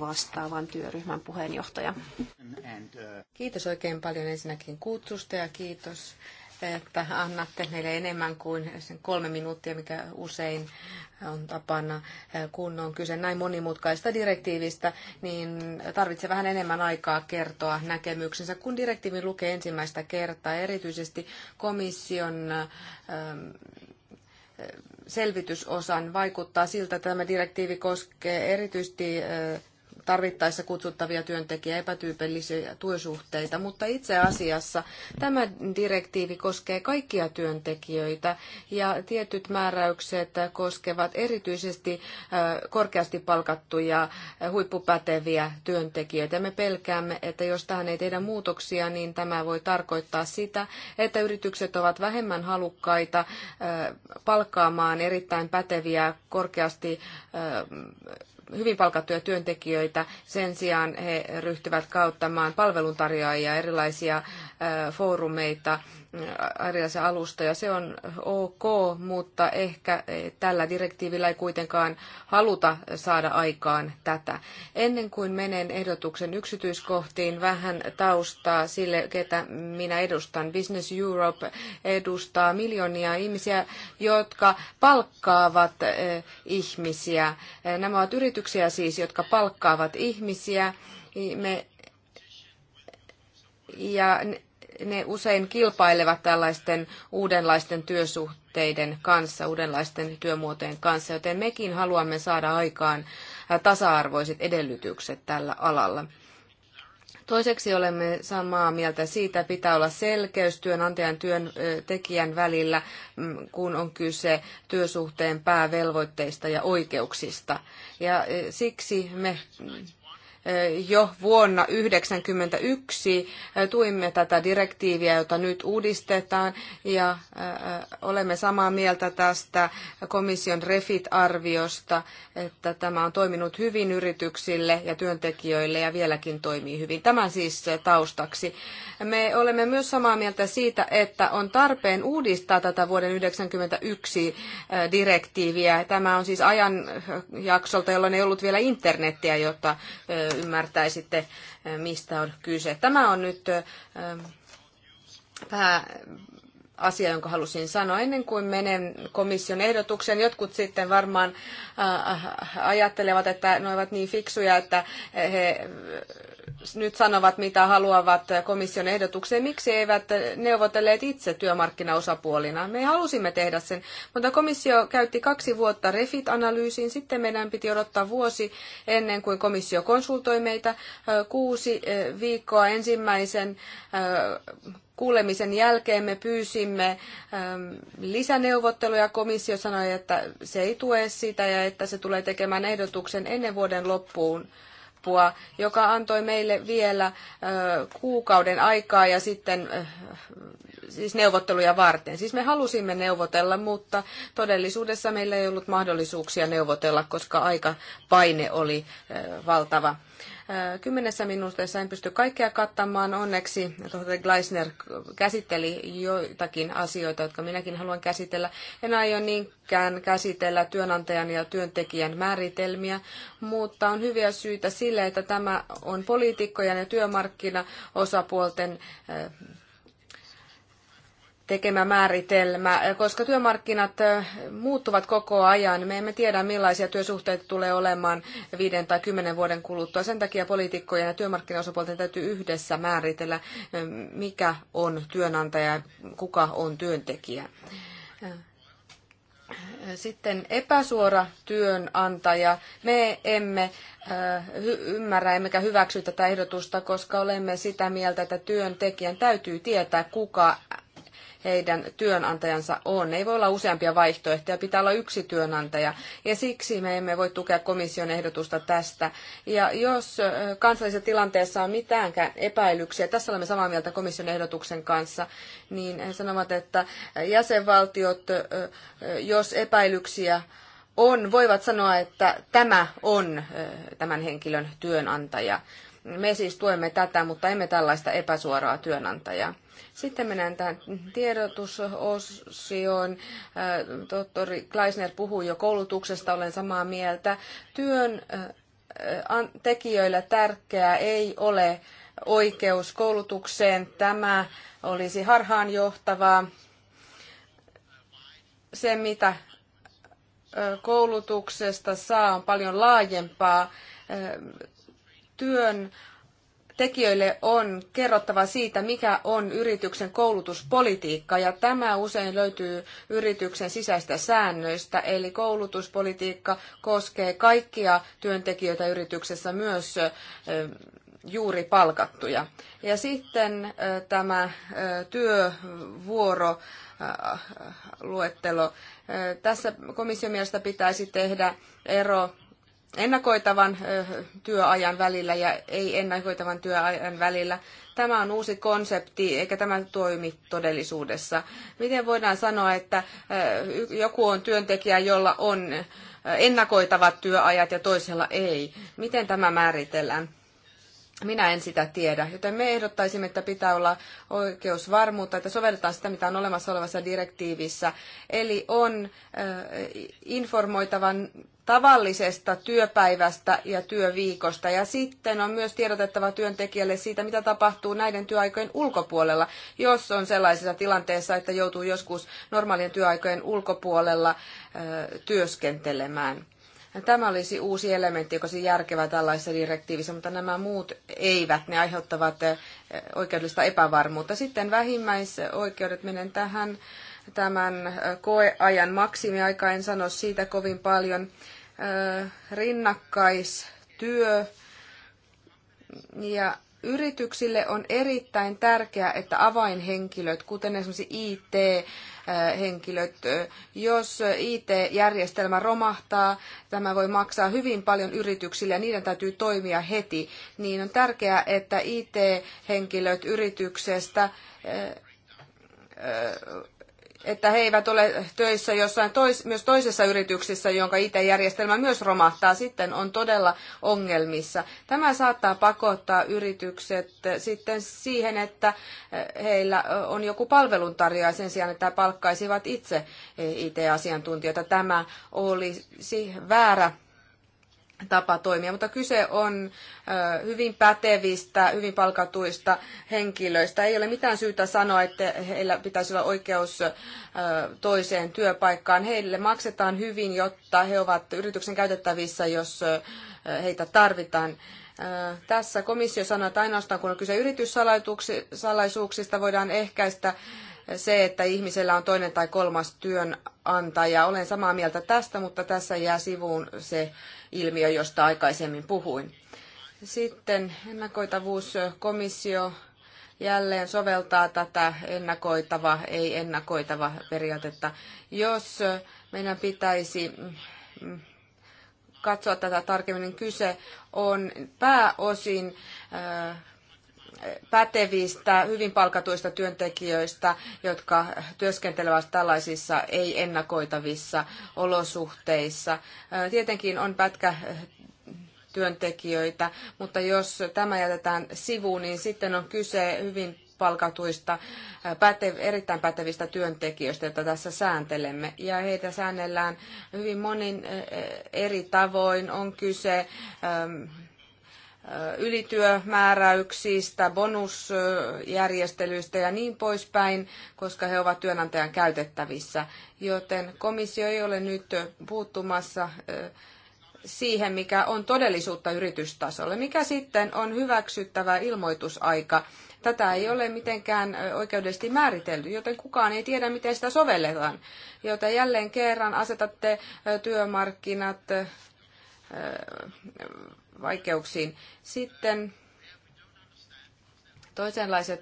S2: vastaavan työryhmän puheenjohtaja. Uh, kiitos oikein paljon ensinnäkin kutsusta ja kiitos että annatte meille enemmän kuin sen kolme minuuttia, mikä usein on tapana, eh, kun on kyse näin monimutkaista direktiivistä, niin tarvitsee vähän enemmän aikaa kertoa näkemyksensä, kun direktiivin lukee ensimmäistä kertaa, erityisesti komission ehm, eh, selvitysosan vaikuttaa siltä, että tämä direktiivi koskee erityisesti eh, tarvittaessa kutsuttavia työntekijä epätyypillisiä työsuhteita, mutta itse asiassa tämä direktiivi koskee kaikkia työntekijöitä ja tietyt määräykset koskevat erityisesti korkeasti palkattuja huippupäteviä työntekijöitä. Me pelkäämme, että jos tähän ei tehdä muutoksia, niin tämä voi tarkoittaa sitä, että yritykset ovat vähemmän halukkaita palkkaamaan erittäin päteviä korkeasti hyvin palkattuja työntekijöitä. Sen sijaan he ryhtyvät kauttamaan palveluntarjoajia, erilaisia foorumeita erilaisen alusta ja se on ok, mutta ehkä eh, tällä direktiivillä ei kuitenkaan haluta saada aikaan tätä. Ennen kuin menen ehdotuksen yksityiskohtiin, vähän taustaa sille, ketä minä edustan. Business Europe edustaa miljoonia ihmisiä, jotka palkkaavat eh, ihmisiä. Eh, nämä ovat yrityksiä siis, jotka palkkaavat ihmisiä. Me ja ne usein kilpailevat tällaisten uudenlaisten työsuhteiden kanssa, uudenlaisten työmuotojen kanssa, joten mekin haluamme saada aikaan äh, tasa-arvoiset edellytykset tällä alalla. Toiseksi olemme samaa mieltä siitä, että pitää olla selkeys työnantajan työntekijän välillä, mm, kun on kyse työsuhteen päävelvoitteista ja oikeuksista. Ja eh, siksi me mm, jo vuonna 1991 tuimme tätä direktiiviä, jota nyt uudistetaan, ja olemme samaa mieltä tästä komission REFIT-arviosta, että tämä on toiminut hyvin yrityksille ja työntekijöille ja vieläkin toimii hyvin. Tämä siis taustaksi. Me olemme myös samaa mieltä siitä, että on tarpeen uudistaa tätä vuoden 1991 direktiiviä. Tämä on siis ajanjaksolta, jolloin ei ollut vielä internettiä, jotta ymmärtäisitte, mistä on kyse. Tämä on nyt pää, asia, jonka halusin sanoa ennen kuin menen komission ehdotuksen. Jotkut sitten varmaan ajattelevat, että ne ovat niin fiksuja, että he nyt sanovat, mitä haluavat komission ehdotukseen. Miksi eivät neuvotelleet itse työmarkkinaosapuolina? Me halusimme tehdä sen, mutta komissio käytti kaksi vuotta refit-analyysiin. Sitten meidän piti odottaa vuosi ennen kuin komissio konsultoi meitä. Kuusi viikkoa ensimmäisen kuulemisen jälkeen me pyysimme lisäneuvotteluja. Komissio sanoi, että se ei tue sitä ja että se tulee tekemään ehdotuksen ennen vuoden loppuun loppua, joka antoi meille vielä kuukauden aikaa ja sitten siis neuvotteluja varten. Siis me halusimme neuvotella, mutta todellisuudessa meillä ei ollut mahdollisuuksia neuvotella, koska aikapaine oli valtava. Kymmenessä minuutissa en pysty kaikkea kattamaan. Onneksi tohtori Gleisner käsitteli joitakin asioita, jotka minäkin haluan käsitellä. En aio niinkään käsitellä työnantajan ja työntekijän määritelmiä, mutta on hyviä syitä sille, että tämä on poliitikkojen ja työmarkkinaosapuolten tekemä määritelmä, koska työmarkkinat muuttuvat koko ajan. Me emme tiedä, millaisia työsuhteita tulee olemaan viiden tai kymmenen vuoden kuluttua. Sen takia poliitikkojen ja työmarkkinaosapuolten täytyy yhdessä määritellä, mikä on työnantaja ja kuka on työntekijä. Sitten epäsuora työnantaja. Me emme ymmärrä emmekä hyväksy tätä ehdotusta, koska olemme sitä mieltä, että työntekijän täytyy tietää, kuka heidän työnantajansa on. Ei voi olla useampia vaihtoehtoja, pitää olla yksi työnantaja. Ja siksi me emme voi tukea komission ehdotusta tästä. Ja jos kansallisessa tilanteessa on mitäänkään epäilyksiä, tässä olemme samaa mieltä komission ehdotuksen kanssa, niin he sanovat, että jäsenvaltiot, jos epäilyksiä on, voivat sanoa, että tämä on tämän henkilön työnantaja. Me siis tuemme tätä, mutta emme tällaista epäsuoraa työnantajaa. Sitten mennään tähän tiedotusosioon. Äh, tohtori Kleisner puhuu jo koulutuksesta, olen samaa mieltä. Työn äh, tekijöillä tärkeää ei ole oikeus koulutukseen. Tämä olisi harhaanjohtavaa. Se, mitä äh, koulutuksesta saa, on paljon laajempaa. Työn tekijöille on kerrottava siitä, mikä on yrityksen koulutuspolitiikka, ja tämä usein löytyy yrityksen sisäistä säännöistä, eli koulutuspolitiikka koskee kaikkia työntekijöitä yrityksessä, myös juuri palkattuja. Ja sitten tämä työvuoro luettelo. Tässä komission mielestä pitäisi tehdä ero ennakoitavan työajan välillä ja ei ennakoitavan työajan välillä. Tämä on uusi konsepti, eikä tämä toimi todellisuudessa. Miten voidaan sanoa, että joku on työntekijä, jolla on ennakoitavat työajat ja toisella ei? Miten tämä määritellään? Minä en sitä tiedä, joten me ehdottaisimme, että pitää olla oikeusvarmuutta, että sovelletaan sitä, mitä on olemassa olevassa direktiivissä. Eli on informoitavan tavallisesta työpäivästä ja työviikosta. Ja sitten on myös tiedotettava työntekijälle siitä, mitä tapahtuu näiden työaikojen ulkopuolella, jos on sellaisessa tilanteessa, että joutuu joskus normaalien työaikojen ulkopuolella työskentelemään. Tämä olisi uusi elementti, joka olisi järkevä tällaisessa direktiivissä, mutta nämä muut eivät. Ne aiheuttavat eh, oikeudellista epävarmuutta. Sitten vähimmäisoikeudet menen tähän tämän eh, koeajan maksimiaika, en sano siitä kovin paljon. Eh, rinnakkaistyö ja Yrityksille on erittäin tärkeää, että avainhenkilöt, kuten esimerkiksi IT, henkilöt. Jos IT-järjestelmä romahtaa, tämä voi maksaa hyvin paljon yrityksille ja niiden täytyy toimia heti, niin on tärkeää, että IT-henkilöt yrityksestä eh, eh, että he eivät ole töissä jossain tois, myös toisessa yrityksessä, jonka IT-järjestelmä myös romahtaa, sitten on todella ongelmissa. Tämä saattaa pakottaa yritykset sitten siihen, että heillä on joku palveluntarjoaja sen sijaan, että palkkaisivat itse IT-asiantuntijoita. Tämä olisi väärä tapa toimia, mutta kyse on hyvin pätevistä, hyvin palkatuista henkilöistä. Ei ole mitään syytä sanoa, että heillä pitäisi olla oikeus toiseen työpaikkaan. Heille maksetaan hyvin, jotta he ovat yrityksen käytettävissä, jos heitä tarvitaan. Tässä komissio sanoo, että ainoastaan kun on kyse yrityssalaisuuksista, voidaan ehkäistä se, että ihmisellä on toinen tai kolmas työnantaja. Olen samaa mieltä tästä, mutta tässä jää sivuun se ilmiö, josta aikaisemmin puhuin. Sitten ennakoitavuus komissio jälleen soveltaa tätä ennakoitava, ei ennakoitava periaatetta. Jos meidän pitäisi mm, katsoa tätä tarkemmin, niin kyse on pääosin äh, pätevistä, hyvin palkatuista työntekijöistä, jotka työskentelevät tällaisissa ei-ennakoitavissa olosuhteissa. Tietenkin on pätkä työntekijöitä, mutta jos tämä jätetään sivuun, niin sitten on kyse hyvin palkatuista, pätev, erittäin pätevistä työntekijöistä, joita tässä sääntelemme. Ja heitä säännellään hyvin monin eri tavoin. On kyse ähm, ylityömääräyksistä, bonusjärjestelyistä ja niin poispäin, koska he ovat työnantajan käytettävissä. Joten komissio ei ole nyt puuttumassa äh, siihen, mikä on todellisuutta yritystasolla, mikä sitten on hyväksyttävä ilmoitusaika. Tätä ei ole mitenkään äh, oikeudellisesti määritelty, joten kukaan ei tiedä, miten sitä sovelletaan. Joten jälleen kerran asetatte äh, työmarkkinat vaikeuksiin. Sitten toisenlaiset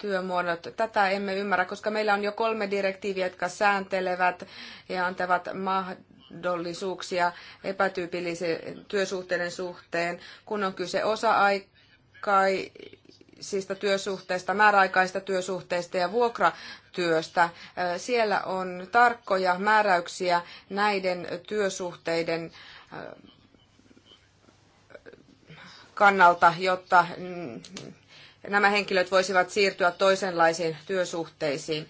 S2: työmuodot. Tätä emme ymmärrä, koska meillä on jo kolme direktiiviä, jotka sääntelevät ja antavat mahdollisuuksia epätyypillisen työsuhteiden suhteen, kun on kyse osa-aikaisista työsuhteista, määräaikaista työsuhteista ja vuokratyöstä. Siellä on tarkkoja määräyksiä näiden työsuhteiden kannalta, jotta mm, nämä henkilöt voisivat siirtyä toisenlaisiin työsuhteisiin.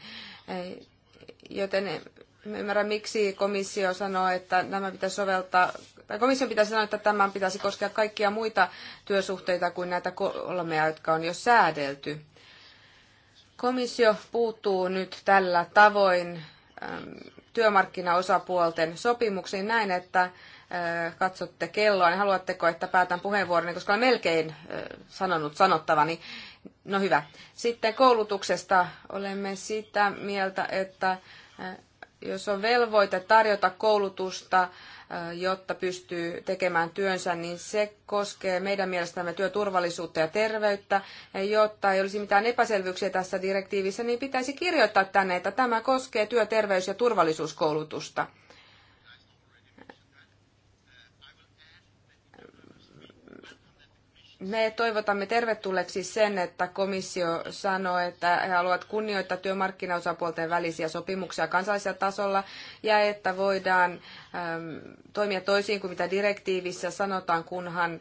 S2: Joten ymmärrä, miksi komissio sanoo, että nämä pitäisi soveltaa, tai komission pitäisi sanoa, että tämän pitäisi koskea kaikkia muita työsuhteita kuin näitä kolmea, jotka on jo säädelty. Komissio puuttuu nyt tällä tavoin työmarkkinaosapuolten sopimuksiin näin, että katsotte kelloa, niin haluatteko, että päätän puheenvuoroni, koska olen melkein sanonut sanottavani. No hyvä. Sitten koulutuksesta olemme sitä mieltä, että jos on velvoite tarjota koulutusta, jotta pystyy tekemään työnsä, niin se koskee meidän mielestämme työturvallisuutta ja terveyttä. Jotta ei olisi mitään epäselvyyksiä tässä direktiivissä, niin pitäisi kirjoittaa tänne, että tämä koskee työterveys- ja turvallisuuskoulutusta. Me toivotamme tervetulleeksi sen, että komissio sanoo, että he haluavat kunnioittaa työmarkkinaosapuolten välisiä sopimuksia kansallisella tasolla ja että voidaan äm, toimia toisin kuin mitä direktiivissä sanotaan, kunhan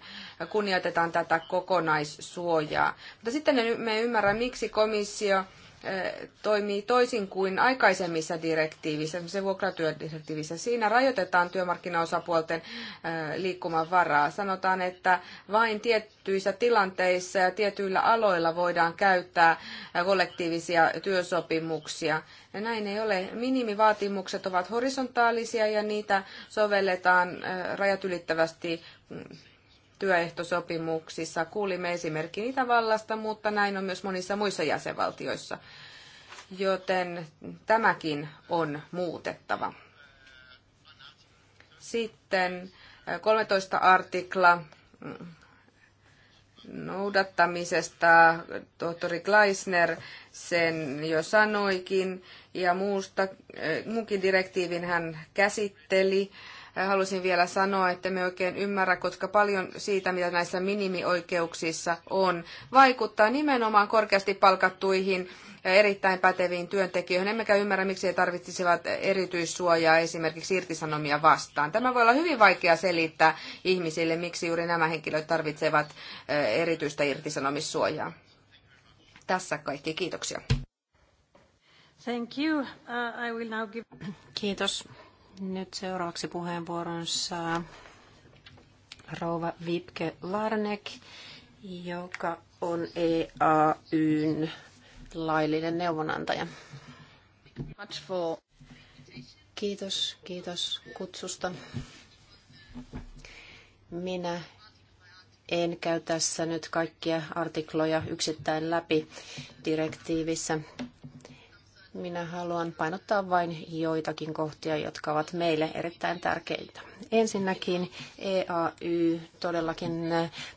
S2: kunnioitetaan tätä kokonaissuojaa. Mutta sitten me ymmärrä, miksi komissio Eh, toimii toisin kuin aikaisemmissa direktiivissä, se vuokratyödirektiivissä. Siinä rajoitetaan työmarkkinaosapuolten eh, liikkumavaraa. Sanotaan, että vain tiettyissä tilanteissa ja tietyillä aloilla voidaan käyttää eh, kollektiivisia työsopimuksia. Ja näin ei ole. Minimivaatimukset ovat horisontaalisia ja niitä sovelletaan rajat ylittävästi mm, työehtosopimuksissa. Kuulimme esimerkin Itävallasta, mutta näin on myös monissa muissa jäsenvaltioissa. Joten tämäkin on muutettava. Sitten 13 eh, artikla mm, noudattamisesta tohtori Gleisner sen jo sanoikin ja muusta, eh, muunkin direktiivin hän käsitteli halusin vielä sanoa, että me oikein ymmärrä, koska paljon siitä, mitä näissä minimioikeuksissa on, vaikuttaa nimenomaan korkeasti palkattuihin eh, erittäin päteviin työntekijöihin, emmekä ymmärrä, miksi he tarvitsisivat erityissuojaa esimerkiksi irtisanomia vastaan. Tämä voi olla hyvin vaikea selittää ihmisille, miksi juuri nämä henkilöt tarvitsevat eh, erityistä irtisanomissuojaa. Tässä kaikki, kiitoksia.
S1: Thank you. Uh, I will now give... Kiitos. Nyt seuraavaksi puheenvuoron saa rouva Vipke Larnek, joka on EAYn laillinen neuvonantaja. Kiitos, kiitos kutsusta. Minä en käy tässä nyt kaikkia artikloja yksittäin läpi direktiivissä. Minä haluan painottaa vain joitakin kohtia, jotka ovat meille erittäin tärkeitä. Ensinnäkin EAY todellakin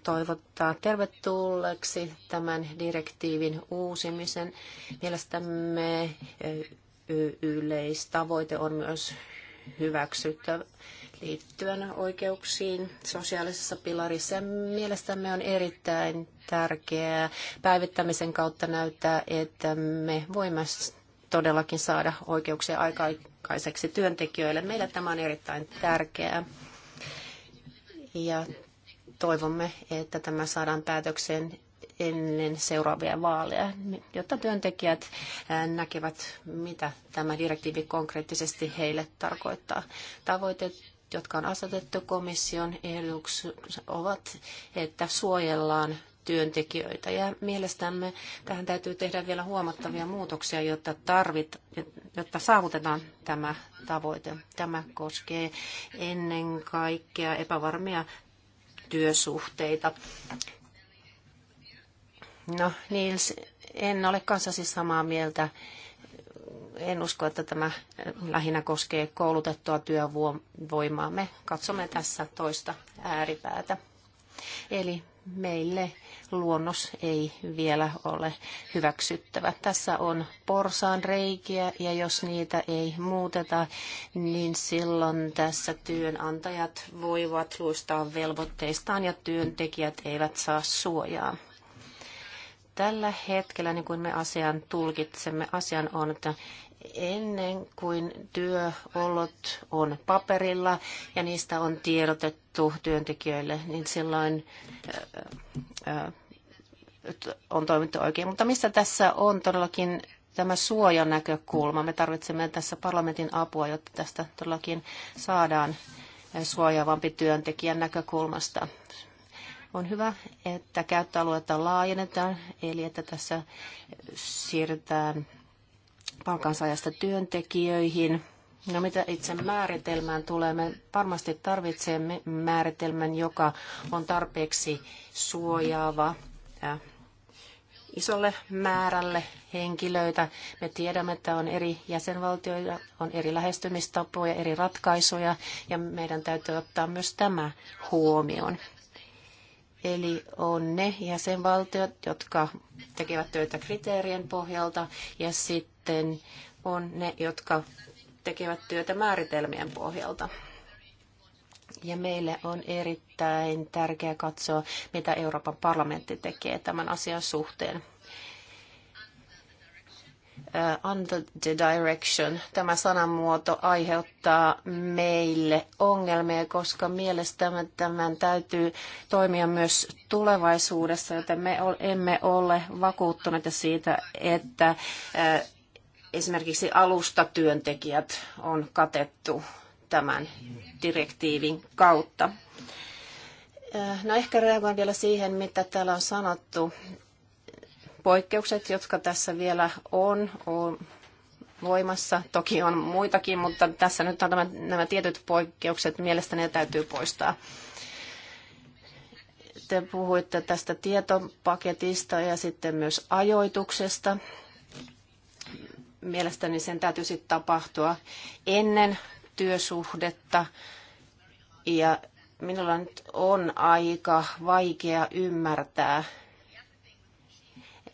S1: toivottaa tervetulleeksi tämän direktiivin uusimisen. Mielestämme yleistavoite on myös hyväksyttävä liittyen oikeuksiin sosiaalisessa pilarissa. mielestämme on erittäin tärkeää päivittämisen kautta näyttää, että me voimme todellakin saada oikeuksia aikaiseksi työntekijöille. Meillä tämä on erittäin tärkeää. Ja toivomme, että tämä saadaan päätökseen ennen seuraavia vaaleja, jotta työntekijät näkevät, mitä tämä direktiivi konkreettisesti heille tarkoittaa. Tavoite jotka on asetettu komission ehdotuksessa, ovat, että suojellaan työntekijöitä. Ja mielestämme tähän täytyy tehdä vielä huomattavia muutoksia, jotta, tarvit, jotta saavutetaan tämä tavoite. Tämä koskee ennen kaikkea epävarmia työsuhteita. No Niils, en ole kanssasi samaa mieltä. En usko, että tämä lähinnä koskee koulutettua työvoimaa. Me katsomme tässä toista ääripäätä. Eli meille luonnos ei vielä ole hyväksyttävä. Tässä on porsaan reikiä ja jos niitä ei muuteta, niin silloin tässä työnantajat voivat luistaa velvoitteistaan ja työntekijät eivät saa suojaa tällä hetkellä, niin kuin me asian tulkitsemme, asian on, että ennen kuin työolot on paperilla ja niistä on tiedotettu työntekijöille, niin silloin on toimittu oikein, mutta missä tässä on todellakin tämä suojanäkökulma? Me tarvitsemme tässä parlamentin apua, jotta tästä todellakin saadaan suojaavampi työntekijän näkökulmasta. On hyvä, että käyttöaluetta laajennetaan, eli että tässä siirrytään palkansaajasta työntekijöihin. No mitä itse määritelmään tulee, me varmasti tarvitsemme määritelmän, joka on tarpeeksi suojaava isolle määrälle henkilöitä. Me tiedämme, että on eri jäsenvaltioita, on eri lähestymistapoja, eri ratkaisuja ja meidän täytyy ottaa myös tämä huomioon. Eli on ne jäsenvaltiot, jotka tekevät töitä kriteerien pohjalta ja sitten on ne, jotka tekevät työtä määritelmien pohjalta. Ja meille on erittäin tärkeää katsoa, mitä Euroopan parlamentti tekee tämän asian suhteen. Uh, under the direction. Tämä sanamuoto aiheuttaa meille ongelmia, koska mielestämme tämän täytyy toimia myös tulevaisuudessa, joten me emme ole vakuuttuneita siitä, että uh, esimerkiksi alustatyöntekijät on katettu tämän direktiivin kautta. Äh, no ehkä reagoin vielä siihen, mitä täällä on sanottu. Poikkeukset, jotka tässä vielä on, on voimassa. Toki on muitakin, mutta tässä nyt on nämä, nämä tietyt poikkeukset. Mielestäni ne täytyy poistaa. Te puhuitte tästä tietopaketista ja sitten myös ajoituksesta. Mielestäni sen täytyisi tapahtua ennen työsuhdetta. Ja minulla nyt on aika vaikea ymmärtää,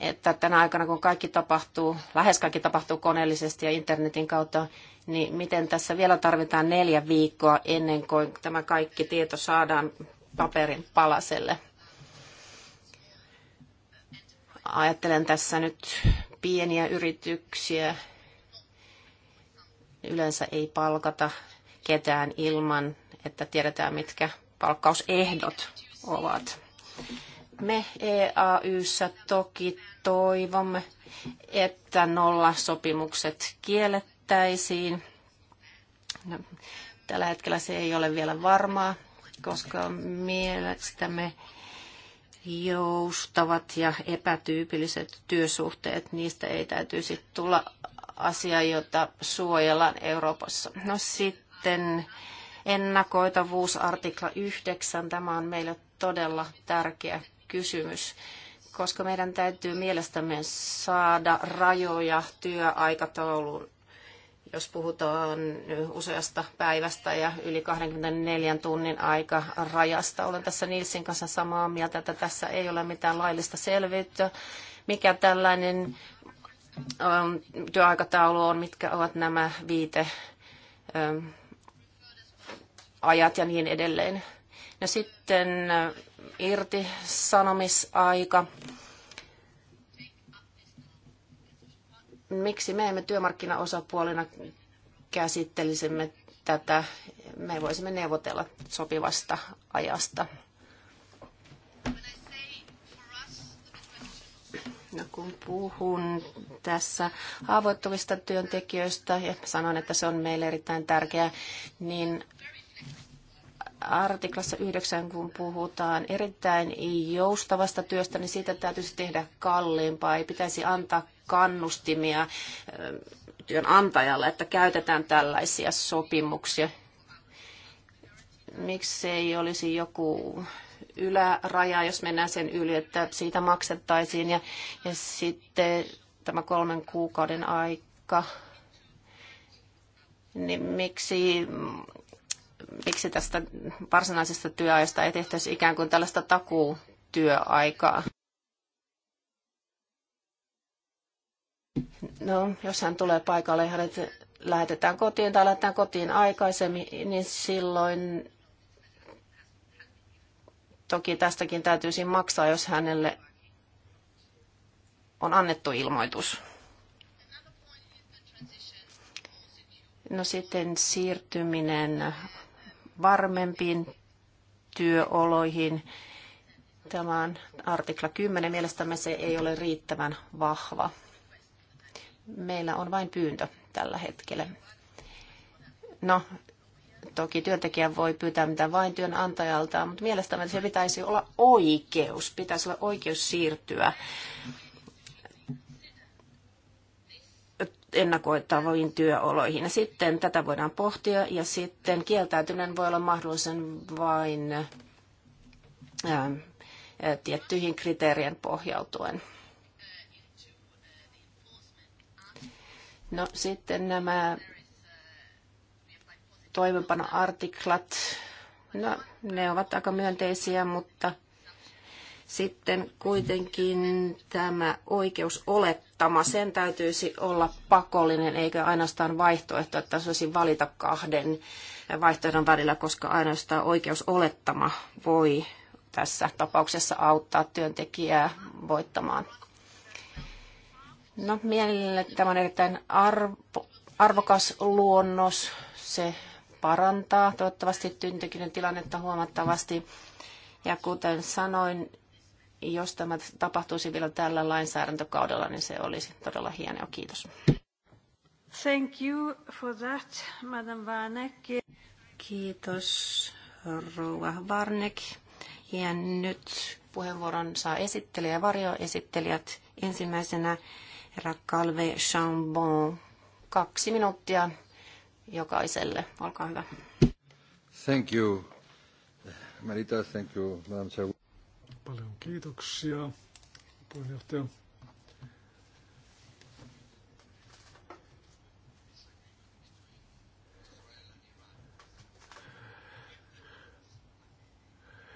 S1: että tänä aikana, kun kaikki tapahtuu, lähes kaikki tapahtuu koneellisesti ja internetin kautta, niin miten tässä vielä tarvitaan neljä viikkoa ennen kuin tämä kaikki tieto saadaan paperin palaselle. Ajattelen tässä nyt pieniä yrityksiä, Yleensä ei palkata ketään ilman, että tiedetään, mitkä palkkausehdot ovat. Me EAYssä toki toivomme, että nollasopimukset kiellettäisiin. No, tällä hetkellä se ei ole vielä varmaa, koska mielestämme joustavat ja epätyypilliset työsuhteet, niistä ei täytyisi tulla asia, jota suojellaan Euroopassa. No sitten ennakoitavuus, artikla 9. Tämä on meille todella tärkeä kysymys, koska meidän täytyy mielestämme saada rajoja työaikatauluun jos puhutaan useasta päivästä ja yli 24 tunnin aika rajasta. Olen tässä Nilsin kanssa samaa mieltä, että tässä ei ole mitään laillista selvyyttä, mikä tällainen Ähm, työaikataulu on, mitkä ovat nämä viite ähm, ajat ja niin edelleen. No sitten äh, irtisanomisaika. Miksi me emme työmarkkinaosapuolina käsittelisimme tätä? Me voisimme neuvotella sopivasta ajasta. Ja no, kun puhun tässä haavoittuvista työntekijöistä ja sanon, että se on meille erittäin tärkeää, niin artiklassa 9, kun puhutaan erittäin joustavasta työstä, niin siitä täytyisi tehdä kalliimpaa. Ei pitäisi antaa kannustimia työnantajalle, että käytetään tällaisia sopimuksia. Miksi ei olisi joku Yläraja, jos mennään sen yli, että siitä maksettaisiin. Ja, ja sitten tämä kolmen kuukauden aika, niin miksi, miksi tästä varsinaisesta työajasta ei tehtäisi ikään kuin tällaista takuutyöaikaa? No, jos hän tulee paikalle ja hänet lähetetään kotiin tai lähetetään kotiin aikaisemmin, niin silloin Toki tästäkin täytyisi maksaa, jos hänelle on annettu ilmoitus. No sitten siirtyminen varmempiin työoloihin. Tämä on artikla 10. Mielestämme se ei ole riittävän vahva. Meillä on vain pyyntö tällä hetkellä. No, Toki työntekijä voi pyytää mitä vain työnantajalta, mutta mielestäni se pitäisi olla oikeus, pitäisi olla oikeus siirtyä ennakoitaviin työoloihin. Ja sitten tätä voidaan pohtia ja sitten kieltäytyminen voi olla mahdollisen vain ää, ähm, tiettyihin kriteerien pohjautuen. No sitten nämä toimenpanoartiklat, no ne ovat aika myönteisiä, mutta sitten kuitenkin tämä oikeus olettama, sen täytyisi olla pakollinen, eikä ainoastaan vaihtoehto, että se olisi valita kahden vaihtoehdon välillä, koska ainoastaan oikeus olettama voi tässä tapauksessa auttaa työntekijää voittamaan. No, mielelle tämä on erittäin arvo, arvokas luonnos. Se parantaa toivottavasti työntekijöiden tilannetta huomattavasti. Ja kuten sanoin, jos tämä tapahtuisi vielä tällä lainsäädäntökaudella, niin se olisi todella hienoa. Kiitos.
S2: Thank you for that,
S1: Madam Varnek. Kiitos, rouva Varnek. Ja nyt puheenvuoron saa esittelijä ja varjoesittelijät. Ensimmäisenä herra Calve Chambon. Kaksi minuuttia jokaiselle. Olkaa hyvä.
S2: Thank you. Marita, thank you,
S3: Madam Chair. Paljon kiitoksia, puheenjohtaja.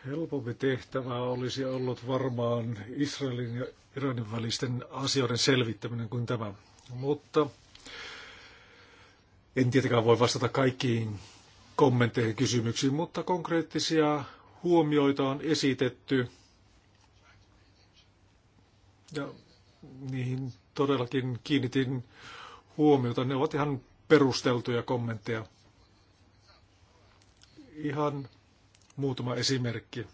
S3: Helpompi tehtävä olisi ollut varmaan Israelin ja Iranin välisten asioiden selvittäminen kuin tämä. Mutta en tietenkään voi vastata kaikkiin kommentteihin kysymyksiin, mutta konkreettisia huomioita on esitetty. Ja niihin todellakin kiinnitin huomiota. Ne ovat ihan perusteltuja kommentteja. Ihan muutama esimerkki.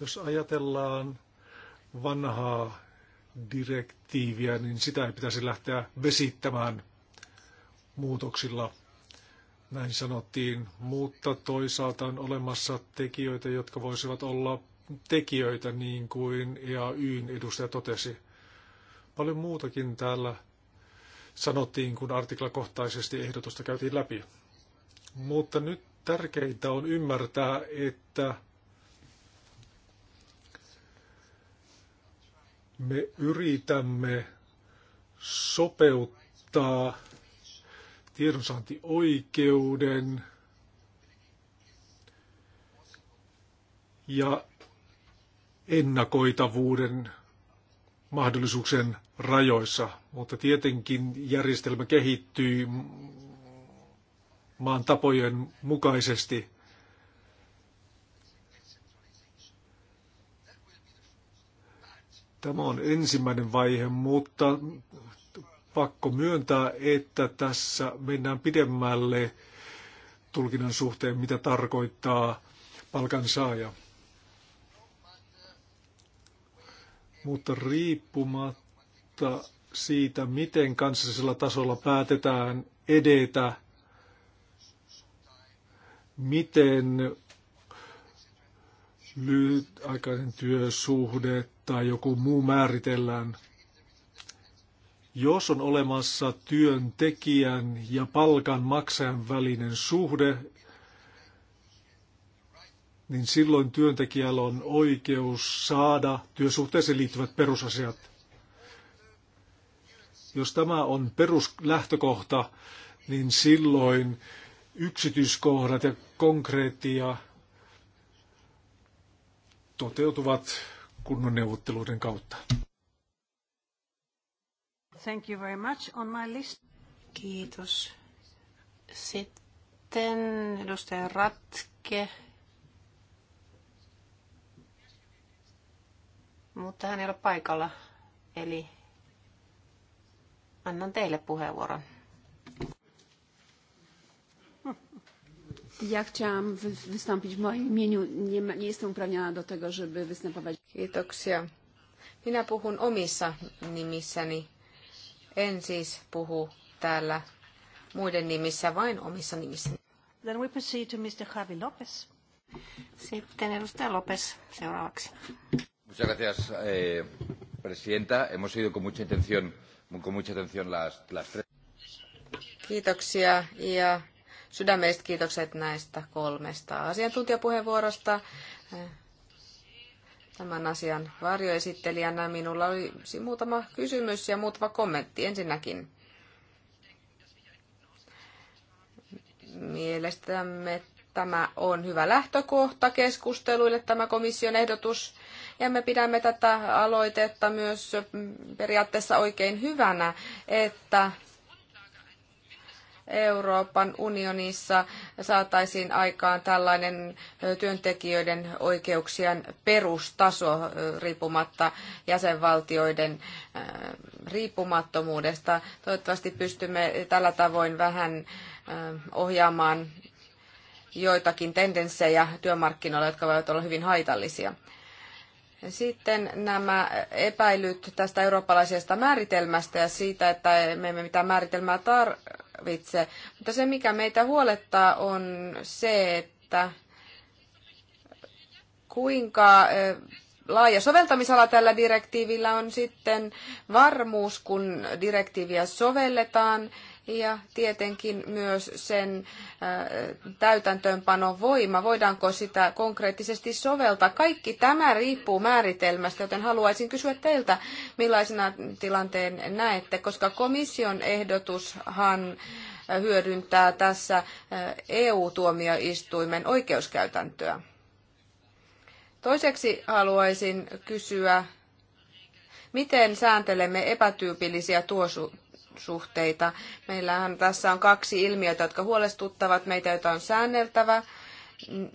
S3: Jos ajatellaan vanhaa direktiiviä, niin sitä ei pitäisi lähteä vesittämään muutoksilla. Näin sanottiin, mutta toisaalta on olemassa tekijöitä, jotka voisivat olla tekijöitä, niin kuin EAYn edustaja totesi. Paljon muutakin täällä sanottiin, kun artiklakohtaisesti ehdotusta käytiin läpi. Mutta nyt tärkeintä on ymmärtää, että Me yritämme sopeuttaa tiedonsaantioikeuden ja ennakoitavuuden mahdollisuuksien rajoissa, mutta tietenkin järjestelmä kehittyy maan tapojen mukaisesti. Tämä on ensimmäinen vaihe, mutta pakko myöntää, että tässä mennään pidemmälle tulkinnan suhteen, mitä tarkoittaa palkansaaja. Mutta riippumatta siitä, miten kansallisella tasolla päätetään edetä, miten lyhytaikaisen työsuhde tai joku muu määritellään. Jos on olemassa työntekijän ja palkan maksajan välinen suhde, niin silloin työntekijällä on oikeus saada työsuhteeseen liittyvät perusasiat. Jos tämä on peruslähtökohta, niin silloin yksityiskohdat ja konkreettia toteutuvat kunnon neuvotteluiden kautta.
S1: Thank you very much. On my list. Kiitos. Sitten edustaja Ratke. Mutta hän ei ole paikalla, eli annan teille puheenvuoron. Ja chciałam wy
S2: wystąpić w moim imieniu. Nie, nie jestem uprawniona do tego, żeby występować. Kiitoksia. Minä puhun omissa nimissäni. En siis puhu täällä muiden nimissä, vain omissa nimissäni. Then we proceed to Mr. Javi Lopez. Sitten edustaja Lopez seuraavaksi. Muchas gracias,
S1: eh, presidenta. Hemos seguido con mucha intención, con mucha atención las, las tres.
S2: Kiitoksia ja Sydämelliset kiitokset näistä kolmesta asiantuntijapuheenvuorosta. Tämän asian varjoesittelijänä minulla oli muutama kysymys ja muutama kommentti ensinnäkin. Mielestämme tämä on hyvä lähtökohta keskusteluille, tämä komission ehdotus. Ja me pidämme tätä aloitetta myös periaatteessa oikein hyvänä, että Euroopan unionissa saataisiin aikaan tällainen työntekijöiden oikeuksien perustaso riippumatta jäsenvaltioiden riippumattomuudesta. Toivottavasti pystymme tällä tavoin vähän ohjaamaan joitakin tendenssejä työmarkkinoilla, jotka voivat olla hyvin haitallisia. Sitten nämä epäilyt tästä eurooppalaisesta määritelmästä ja siitä, että me emme mitään määritelmää tar- tarvitse. Mutta se, mikä meitä huolettaa, on se, että kuinka laaja soveltamisala tällä direktiivillä on sitten varmuus, kun direktiiviä sovelletaan ja tietenkin myös sen äh, täytäntöönpanon voima, voidaanko sitä konkreettisesti soveltaa. Kaikki tämä riippuu määritelmästä, joten haluaisin kysyä teiltä, millaisena tilanteen näette, koska komission ehdotushan äh, hyödyntää tässä äh, EU-tuomioistuimen oikeuskäytäntöä. Toiseksi haluaisin kysyä, miten sääntelemme epätyypillisiä suhteita. Meillähän tässä on kaksi ilmiötä, jotka huolestuttavat meitä, joita on säänneltävä,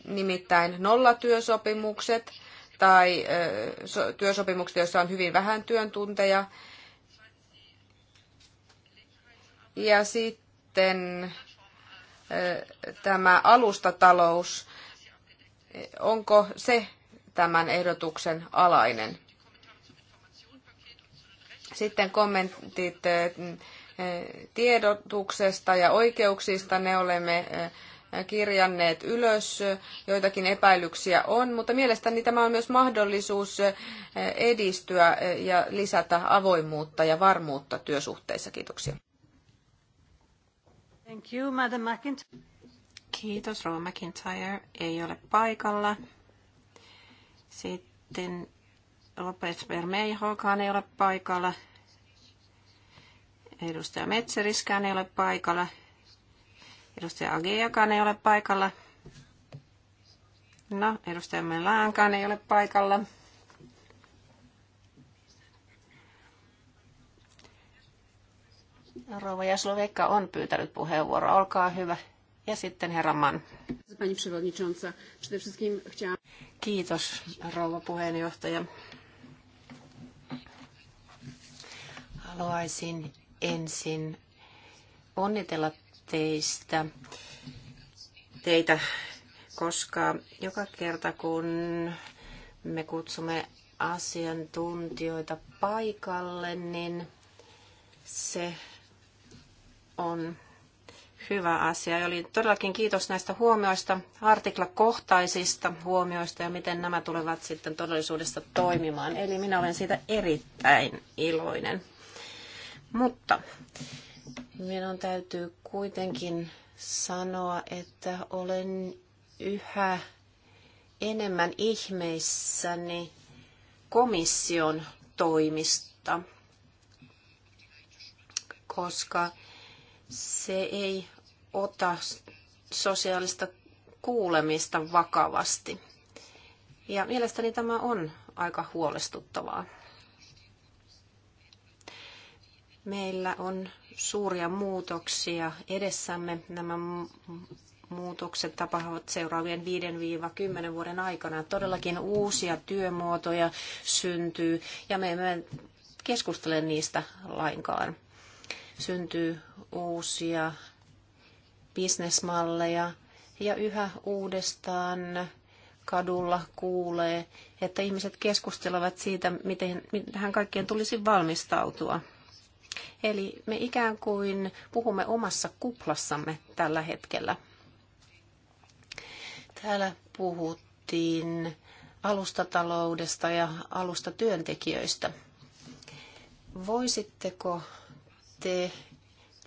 S2: nimittäin nollatyösopimukset tai työsopimukset, joissa on hyvin vähän työntunteja. Ja sitten tämä alustatalous, onko se tämän ehdotuksen alainen? Sitten kommentit äh, tiedotuksesta ja oikeuksista. Ne olemme äh, kirjanneet ylös. Joitakin epäilyksiä on, mutta mielestäni tämä on myös mahdollisuus äh, edistyä ja lisätä avoimuutta ja varmuutta työsuhteissa. Kiitoksia.
S1: Thank you, Madam McIntyre. Kiitos, Rova McIntyre ei ole paikalla. Sitten Lopez Bermeihokaan ei ole paikalla. Edustaja Metseriskään ei ole paikalla. Edustaja Agiakaan ei ole paikalla. No, edustaja Melaankaan ei ole paikalla. Rouva Jaslovekka on pyytänyt puheenvuoroa. Olkaa hyvä. Ja sitten herra Mann. Kiitos, rouva puheenjohtaja. Haluaisin ensin onnitella teistä, teitä, koska joka kerta kun me kutsumme asiantuntijoita paikalle, niin se on hyvä asia. Eli todellakin kiitos näistä huomioista, artiklakohtaisista huomioista ja miten nämä tulevat sitten todellisuudessa toimimaan. Eli minä olen siitä erittäin iloinen. Mutta minun täytyy kuitenkin sanoa, että olen yhä enemmän ihmeissäni komission toimista, koska se ei ota sosiaalista kuulemista vakavasti. Ja mielestäni tämä on aika huolestuttavaa. Meillä on suuria muutoksia edessämme. Nämä muutokset tapahtuvat seuraavien 5-10 vuoden aikana. Todellakin uusia työmuotoja syntyy ja me emme keskustele niistä lainkaan. Syntyy uusia bisnesmalleja ja yhä uudestaan kadulla kuulee, että ihmiset keskustelevat siitä, miten, tähän kaikkeen tulisi valmistautua. Eli me ikään kuin puhumme omassa kuplassamme tällä hetkellä. Täällä puhuttiin alustataloudesta ja alustatyöntekijöistä. Voisitteko te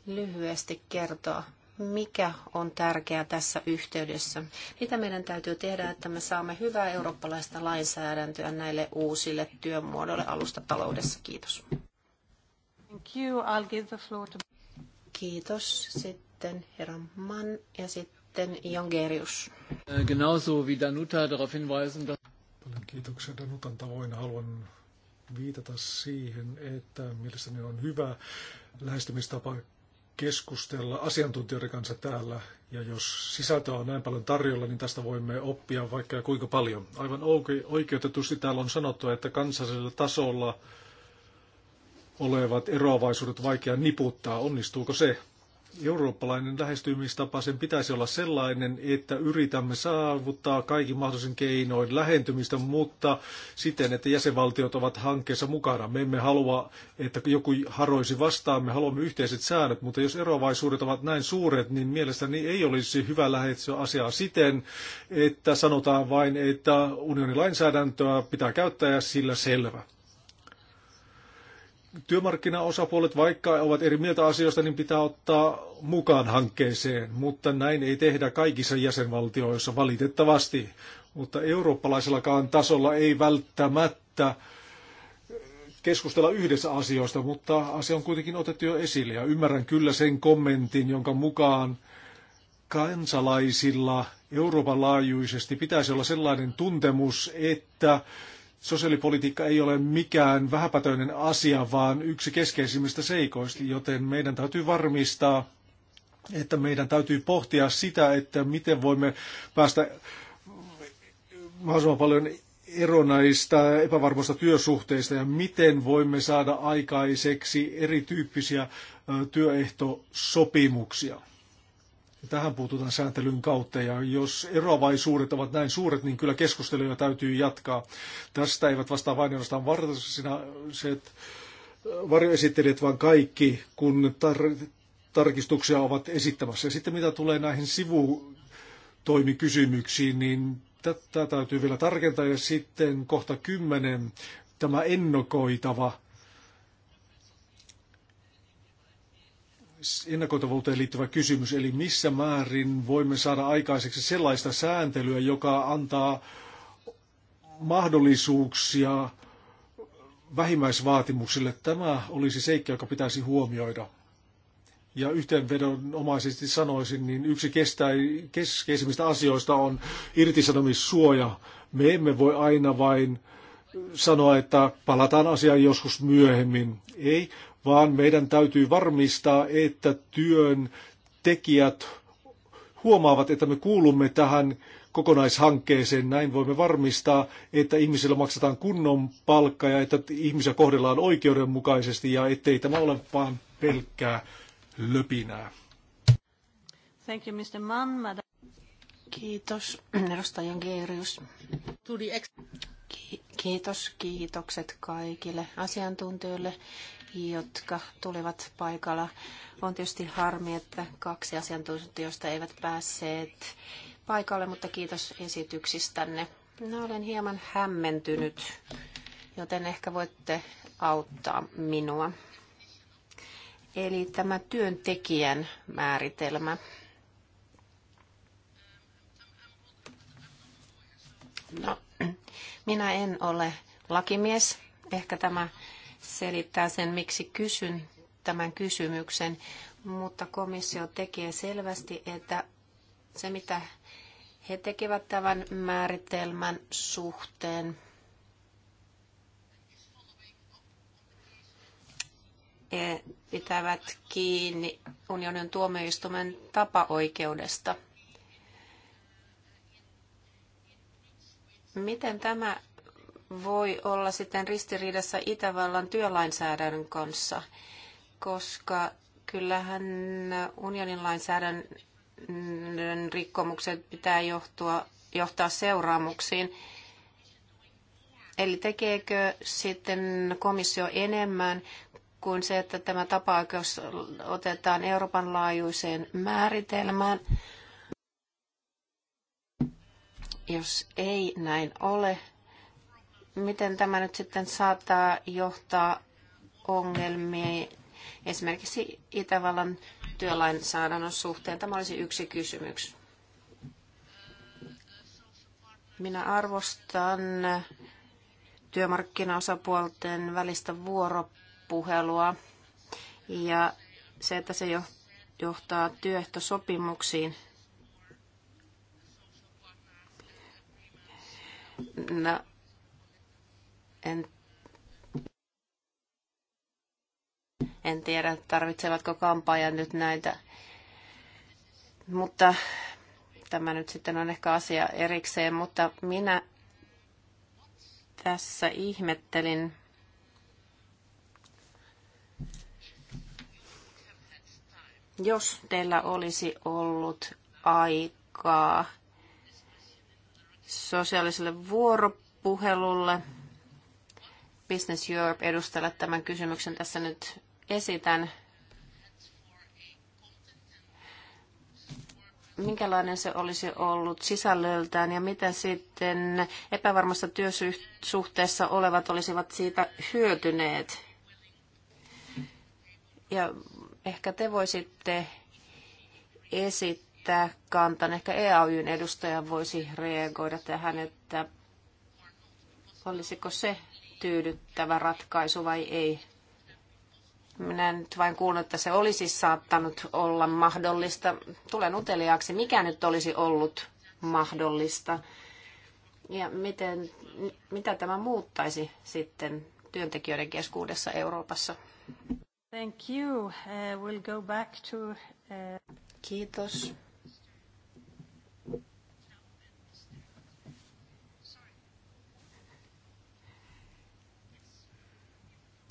S1: lyhyesti kertoa, mikä on tärkeää tässä yhteydessä? Mitä meidän täytyy tehdä, että me saamme hyvää eurooppalaista lainsäädäntöä näille uusille työmuodoille alustataloudessa? Kiitos. Thank you. I'll give the floor to... Kiitos. Sitten herra Mann ja sitten Jongerius. Äh,
S3: genauso wie Danuta darauf hinweisen, dass... Paljon kiitoksia Danutan tavoin. Haluan viitata siihen, että mielestäni on hyvä lähestymistapa keskustella asiantuntijoiden kanssa täällä. Ja jos sisältöä on näin paljon tarjolla, niin tästä voimme oppia vaikka kuinka paljon. Aivan oikeutetusti täällä on sanottu, että kansallisella tasolla olevat eroavaisuudet vaikea niputtaa. Onnistuuko se? Eurooppalainen lähestymistapa sen pitäisi olla sellainen, että yritämme saavuttaa kaikki mahdollisen keinoin lähentymistä, mutta siten, että jäsenvaltiot ovat hankkeessa mukana. Me emme halua, että joku haroisi vastaan, me haluamme yhteiset säännöt, mutta jos eroavaisuudet ovat näin suuret, niin mielestäni ei olisi hyvä lähestyä asiaa siten, että sanotaan vain, että unionin lainsäädäntöä pitää käyttää ja sillä selvä työmarkkinaosapuolet, vaikka ovat eri mieltä asioista, niin pitää ottaa mukaan hankkeeseen, mutta näin ei tehdä kaikissa jäsenvaltioissa valitettavasti. Mutta eurooppalaisellakaan tasolla ei välttämättä keskustella yhdessä asioista, mutta asia on kuitenkin otettu jo esille. Ja ymmärrän kyllä sen kommentin, jonka mukaan kansalaisilla Euroopan laajuisesti pitäisi olla sellainen tuntemus, että Sosiaalipolitiikka ei ole mikään vähäpätöinen asia, vaan yksi keskeisimmistä seikoista, joten meidän täytyy varmistaa, että meidän täytyy pohtia sitä, että miten voimme päästä mahdollisimman paljon eronaista näistä epävarmoista työsuhteista ja miten voimme saada aikaiseksi erityyppisiä työehtosopimuksia. Tähän puututaan sääntelyn kautta ja jos eroavaisuudet ovat näin suuret, niin kyllä keskusteluja täytyy jatkaa. Tästä eivät vastaa vain ainoastaan varsinaiset äh, varjoesittelijät, vaan kaikki, kun tar- tarkistuksia ovat esittämässä. Ja sitten mitä tulee näihin sivutoimikysymyksiin, niin tätä täytyy vielä tarkentaa. Ja sitten kohta kymmenen tämä ennakoitava ennakoitavuuteen liittyvä kysymys, eli missä määrin voimme saada aikaiseksi sellaista sääntelyä, joka antaa mahdollisuuksia vähimmäisvaatimuksille. Tämä olisi seikka, joka pitäisi huomioida. Ja yhteenvedonomaisesti sanoisin, niin yksi kestäi, keskeisimmistä asioista on irtisanomissuoja. Me emme voi aina vain sanoa, että palataan asiaan joskus myöhemmin. Ei, vaan meidän täytyy varmistaa, että työn tekijät huomaavat, että me kuulumme tähän kokonaishankkeeseen. Näin voimme varmistaa, että ihmisille maksetaan kunnon palkka ja että ihmisiä kohdellaan oikeudenmukaisesti ja ettei tämä ole vain pelkkää löpinää.
S1: Thank you, Mr. Mann, madam. Kiitos, edustaja Geerius. Kiitos, kiitokset kaikille asiantuntijoille jotka tulivat paikalla. On tietysti harmi, että kaksi asiantuntijoista eivät päässeet paikalle, mutta kiitos esityksistänne. No, olen hieman hämmentynyt, joten ehkä voitte auttaa minua. Eli tämä työntekijän määritelmä. No, minä en ole lakimies. Ehkä tämä selittää sen, miksi kysyn tämän kysymyksen, mutta komissio tekee selvästi, että se mitä he tekevät tämän määritelmän suhteen, he pitävät kiinni unionin tuomioistuimen tapaoikeudesta. Miten tämä voi olla sitten ristiriidassa Itävallan työlainsäädännön kanssa, koska kyllähän unionin lainsäädännön rikkomukset pitää johtua, johtaa seuraamuksiin. Eli tekeekö sitten komissio enemmän kuin se, että tämä tapaus otetaan Euroopan laajuiseen määritelmään? Jos ei näin ole, miten tämä nyt sitten saattaa johtaa ongelmia esimerkiksi Itävallan työlainsäädännön suhteen? Tämä olisi yksi kysymys. Minä arvostan työmarkkinaosapuolten välistä vuoropuhelua ja se, että se johtaa työehtosopimuksiin. No, en, en tiedä, tarvitsevatko kampaajat nyt näitä. Mutta tämä nyt sitten on ehkä asia erikseen, mutta minä tässä ihmettelin. Jos teillä olisi ollut aikaa sosiaaliselle vuoropuhelulle, Business Europe edustajalle tämän kysymyksen tässä nyt esitän. minkälainen se olisi ollut sisällöltään ja miten sitten epävarmassa työsuhteessa olevat olisivat siitä hyötyneet. Ja ehkä te voisitte esittää kantan, ehkä EAYn edustaja voisi reagoida tähän, että olisiko se tyydyttävä ratkaisu vai ei. Minä nyt vain kuulen, että se olisi saattanut olla mahdollista. Tulen uteliaaksi, mikä nyt olisi ollut mahdollista ja miten, mitä tämä muuttaisi sitten työntekijöiden keskuudessa Euroopassa. Thank you. Uh, we'll go back to, uh... Kiitos.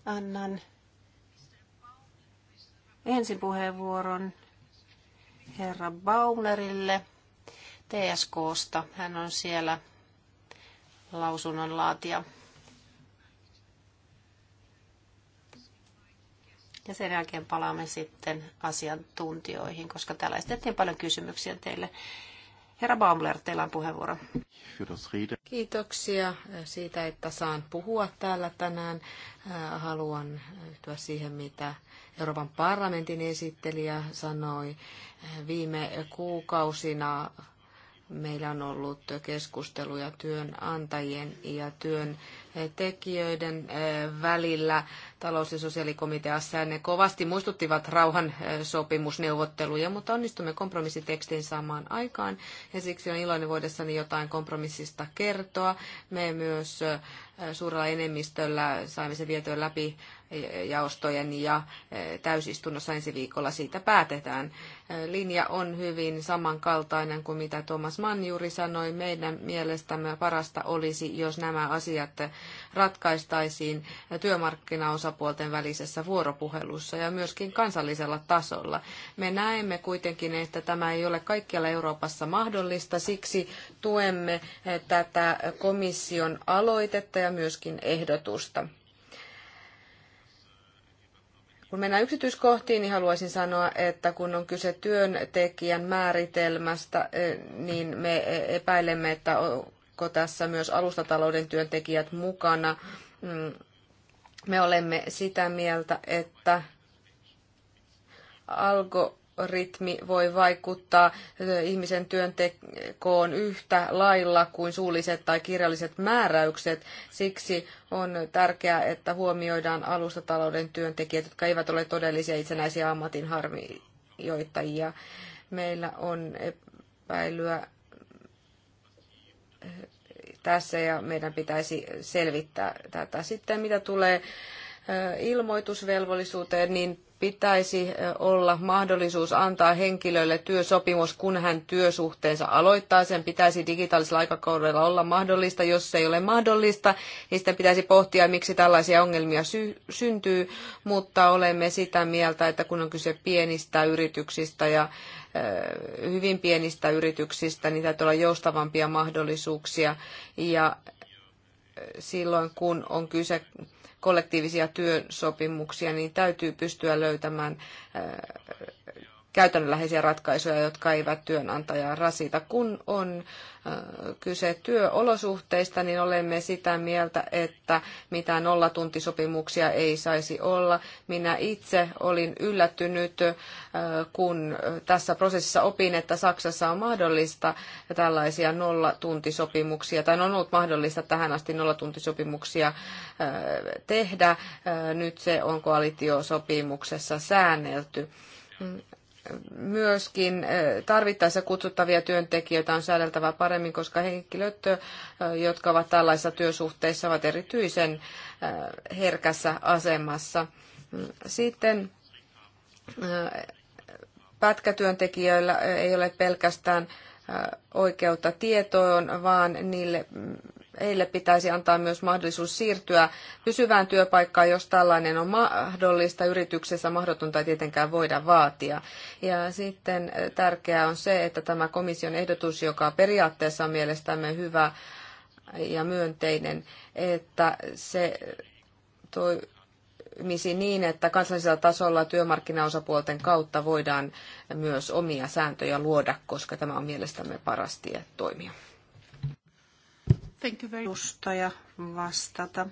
S1: annan ensin puheenvuoron herra Baumlerille TSKsta. Hän on siellä lausunnonlaatija. Ja sen jälkeen palaamme sitten asiantuntijoihin, koska täällä esitettiin paljon kysymyksiä teille. Herra Baumler, teillä on puheenvuoro.
S2: Kiitoksia siitä, että saan puhua täällä tänään. Äh, haluan yhtyä siihen, mitä Euroopan parlamentin esittelijä sanoi. Äh, viime kuukausina Meillä on ollut keskusteluja työnantajien ja työntekijöiden eh, välillä talous- ja sosiaalikomiteassa. Ne kovasti muistuttivat rauhan eh, sopimusneuvotteluja, mutta onnistumme kompromissitekstin saamaan aikaan. Ja siksi on iloinen voidessani jotain kompromissista kertoa. Me myös eh, suurella enemmistöllä saimme se vietyä läpi jaostojen ja e, täysistunnossa ensi viikolla siitä päätetään. E, linja on hyvin samankaltainen kuin mitä Thomas Mann juuri sanoi. Meidän mielestämme parasta olisi, jos nämä asiat ratkaistaisiin työmarkkinaosapuolten välisessä vuoropuhelussa ja myöskin kansallisella tasolla. Me näemme kuitenkin, että tämä ei ole kaikkialla Euroopassa mahdollista, siksi tuemme e, tätä komission aloitetta ja myöskin ehdotusta. Kun mennään yksityiskohtiin, niin haluaisin sanoa, että kun on kyse työntekijän määritelmästä, eh, niin me epäilemme, että onko tässä myös alustatalouden työntekijät mukana. Mm, me olemme sitä mieltä, että algo rytmi voi vaikuttaa ihmisen työntekoon yhtä lailla kuin suulliset tai kirjalliset määräykset. Siksi on tärkeää, että huomioidaan alustatalouden työntekijät, jotka eivät ole todellisia itsenäisiä ammatinharjoittajia. Meillä on epäilyä tässä ja meidän pitäisi selvittää tätä. Sitten mitä tulee ilmoitusvelvollisuuteen, niin pitäisi olla mahdollisuus antaa henkilölle työsopimus, kun hän työsuhteensa aloittaa. Sen pitäisi digitaalisella aikakaudella olla mahdollista. Jos se ei ole mahdollista, niin sitten pitäisi pohtia, miksi tällaisia ongelmia sy- syntyy. Mutta olemme sitä mieltä, että kun on kyse pienistä yrityksistä ja hyvin pienistä yrityksistä, niin täytyy olla joustavampia mahdollisuuksia. Ja silloin, kun on kyse kollektiivisia työsopimuksia, niin täytyy pystyä löytämään käytännönläheisiä ratkaisuja, jotka eivät työnantajaa rasita. Kun on kyse työolosuhteista, niin olemme sitä mieltä, että mitään nollatuntisopimuksia ei saisi olla. Minä itse olin yllättynyt, kun tässä prosessissa opin, että Saksassa on mahdollista tällaisia nollatuntisopimuksia, tai on ollut mahdollista tähän asti nollatuntisopimuksia tehdä. Nyt se on koalitiosopimuksessa säännelty myöskin tarvittaessa kutsuttavia työntekijöitä on säädeltävä paremmin, koska henkilöt, jotka ovat tällaisissa työsuhteissa, ovat erityisen herkässä asemassa. Sitten pätkätyöntekijöillä ei ole pelkästään oikeutta tietoon, vaan niille heille pitäisi antaa myös mahdollisuus siirtyä pysyvään työpaikkaan, jos tällainen on mahdollista. Yrityksessä mahdotonta ei tietenkään voida vaatia. Ja sitten tärkeää on se, että tämä komission ehdotus, joka periaatteessa on mielestämme hyvä ja myönteinen, että se toi, toimisi niin, että kansallisella tasolla työmarkkinaosapuolten kautta voidaan myös omia sääntöjä luoda, koska tämä on mielestämme paras tie toimia.
S1: Thank you very edustaja vastata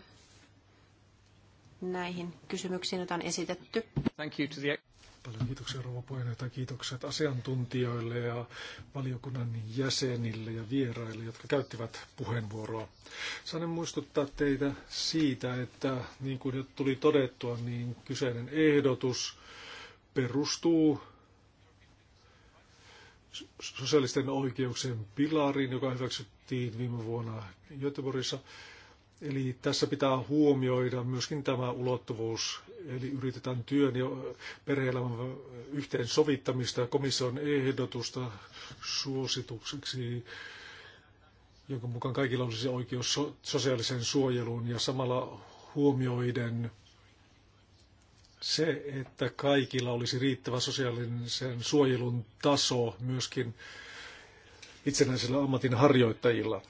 S1: näihin kysymyksiin, joita on esitetty. Thank you to
S3: the... Paljon kiitoksia rouva puheenjohtaja, kiitokset asiantuntijoille ja valiokunnan jäsenille ja vieraille, jotka käyttivät puheenvuoroa. Saan muistuttaa teitä siitä, että niin kuin jo tuli todettua, niin kyseinen ehdotus perustuu sosiaalisten oikeuksien pilariin, joka hyväksyttiin tehtiin viime vuonna Göteborgissa. Eli tässä pitää huomioida myöskin tämä ulottuvuus, eli yritetään työn ja perhe-elämän yhteensovittamista ja komission ehdotusta suositukseksi, jonka mukaan kaikilla olisi oikeus sosiaaliseen suojeluun ja samalla huomioiden se, että kaikilla olisi riittävä sosiaalisen suojelun taso myöskin itsenäisillä ammatin harjoittajilla.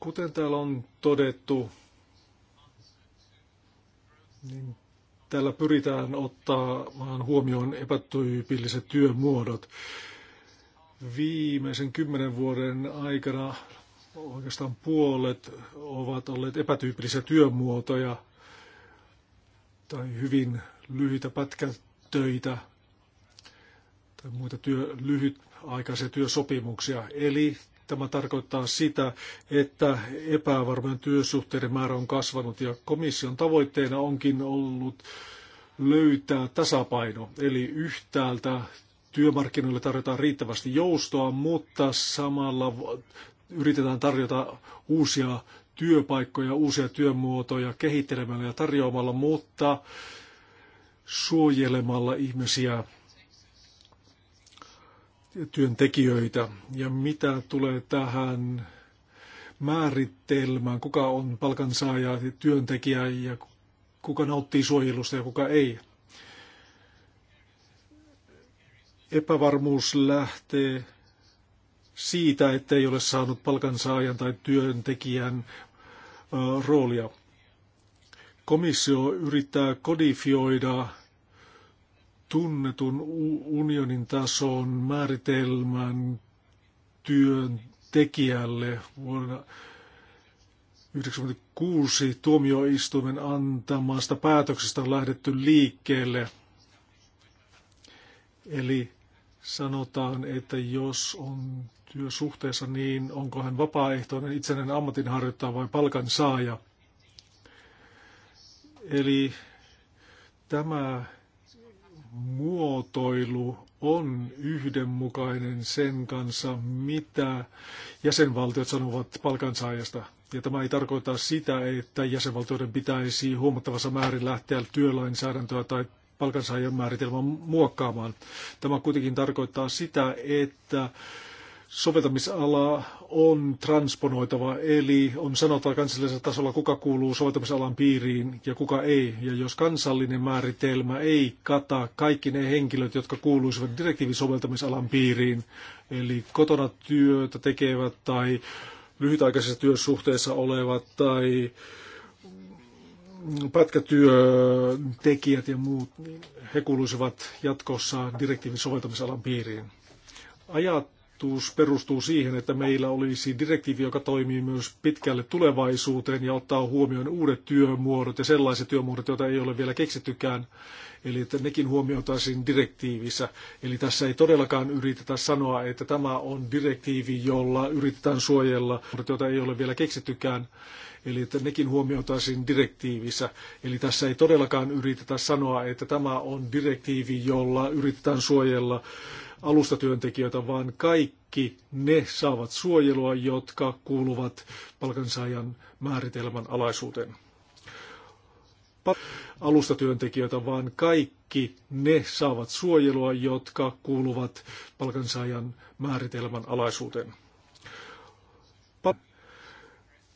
S3: Kuten täällä on todettu, niin tällä pyritään ottamaan huomioon epätyypilliset työmuodot. Viimeisen kymmenen vuoden aikana oikeastaan puolet ovat olleet epätyypillisiä työmuotoja tai hyvin lyhyitä pätkätöitä tai muita työ, lyhyt, aikaisia työsopimuksia. Eli tämä tarkoittaa sitä, että epävarmojen työsuhteiden määrä on kasvanut ja komission tavoitteena onkin ollut löytää tasapaino. Eli yhtäältä työmarkkinoille tarjotaan riittävästi joustoa, mutta samalla yritetään tarjota uusia työpaikkoja, uusia työmuotoja kehittelemällä ja tarjoamalla, mutta suojelemalla ihmisiä työntekijöitä. Ja mitä tulee tähän määritelmään, kuka on palkansaaja, työntekijä ja kuka nauttii suojelusta ja kuka ei. Epävarmuus lähtee siitä, että ei ole saanut palkansaajan tai työntekijän roolia. Komissio yrittää kodifioida tunnetun unionin tason määritelmän työn tekijälle vuonna 1996 tuomioistuimen antamasta päätöksestä on lähdetty liikkeelle. Eli sanotaan, että jos on työsuhteessa, niin onko hän vapaaehtoinen itsenäinen ammatinharjoittaja vai palkansaaja. Eli tämä muotoilu on yhdenmukainen sen kanssa, mitä jäsenvaltiot sanovat palkansaajasta. Ja tämä ei tarkoita sitä, että jäsenvaltioiden pitäisi huomattavassa määrin lähteä työlainsäädäntöä tai palkansaajan määritelmän muokkaamaan. Tämä kuitenkin tarkoittaa sitä, että soveltamisala on transponoitava, eli on sanottava kansallisella tasolla, kuka kuuluu soveltamisalan piiriin ja kuka ei. Ja jos kansallinen määritelmä ei kata kaikki ne henkilöt, jotka kuuluisivat direktiivin soveltamisalan piiriin, eli kotona työtä tekevät tai lyhytaikaisessa työsuhteessa olevat tai pätkätyötekijät ja muut, niin he kuuluisivat jatkossa direktiivin soveltamisalan piiriin. Ajat tulevaisuus perustuu siihen, että meillä olisi direktiivi, joka toimii myös pitkälle tulevaisuuteen ja ottaa huomioon uudet työmuodot ja sellaiset työmuodot, joita ei ole vielä keksittykään. Eli että nekin huomioitaisiin direktiivissä. Eli tässä ei todellakaan yritetä sanoa, että tämä on direktiivi, jolla yritetään suojella, joita ei ole vielä keksittykään. Eli että nekin huomioitaisiin direktiivissä. Eli tässä ei todellakaan yritetä sanoa, että tämä on direktiivi, jolla yritetään suojella alustatyöntekijöitä, vaan kaikki ne saavat suojelua, jotka kuuluvat palkansaajan määritelmän alaisuuteen. Alustatyöntekijöitä, vaan kaikki ne saavat suojelua, jotka kuuluvat palkansaajan määritelmän alaisuuteen.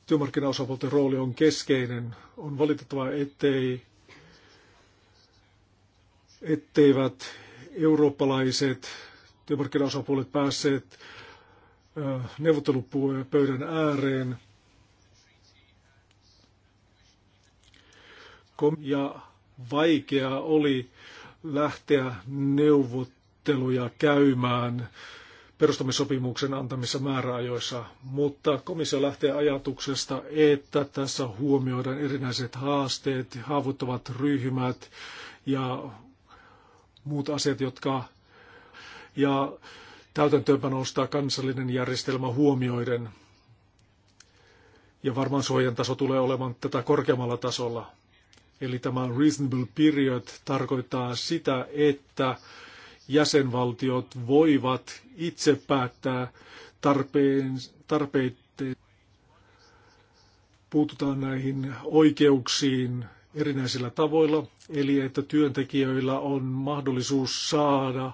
S3: Työmarkkinaosapuolten rooli on keskeinen. On valitettavaa, ettei etteivät eurooppalaiset työmarkkinaosapuolet päässeet neuvottelupöydän ääreen. Ja vaikeaa oli lähteä neuvotteluja käymään perustamissopimuksen antamissa määräajoissa, mutta komissio lähtee ajatuksesta, että tässä huomioidaan erinäiset haasteet, haavoittuvat ryhmät ja muut asiat, jotka ja täytäntöönpanosta kansallinen järjestelmä huomioiden. Ja varmaan suojan taso tulee olemaan tätä korkeammalla tasolla. Eli tämä reasonable period tarkoittaa sitä, että jäsenvaltiot voivat itse päättää tarpeen, tarpeitteen. Puututaan näihin oikeuksiin erinäisillä tavoilla, eli että työntekijöillä on mahdollisuus saada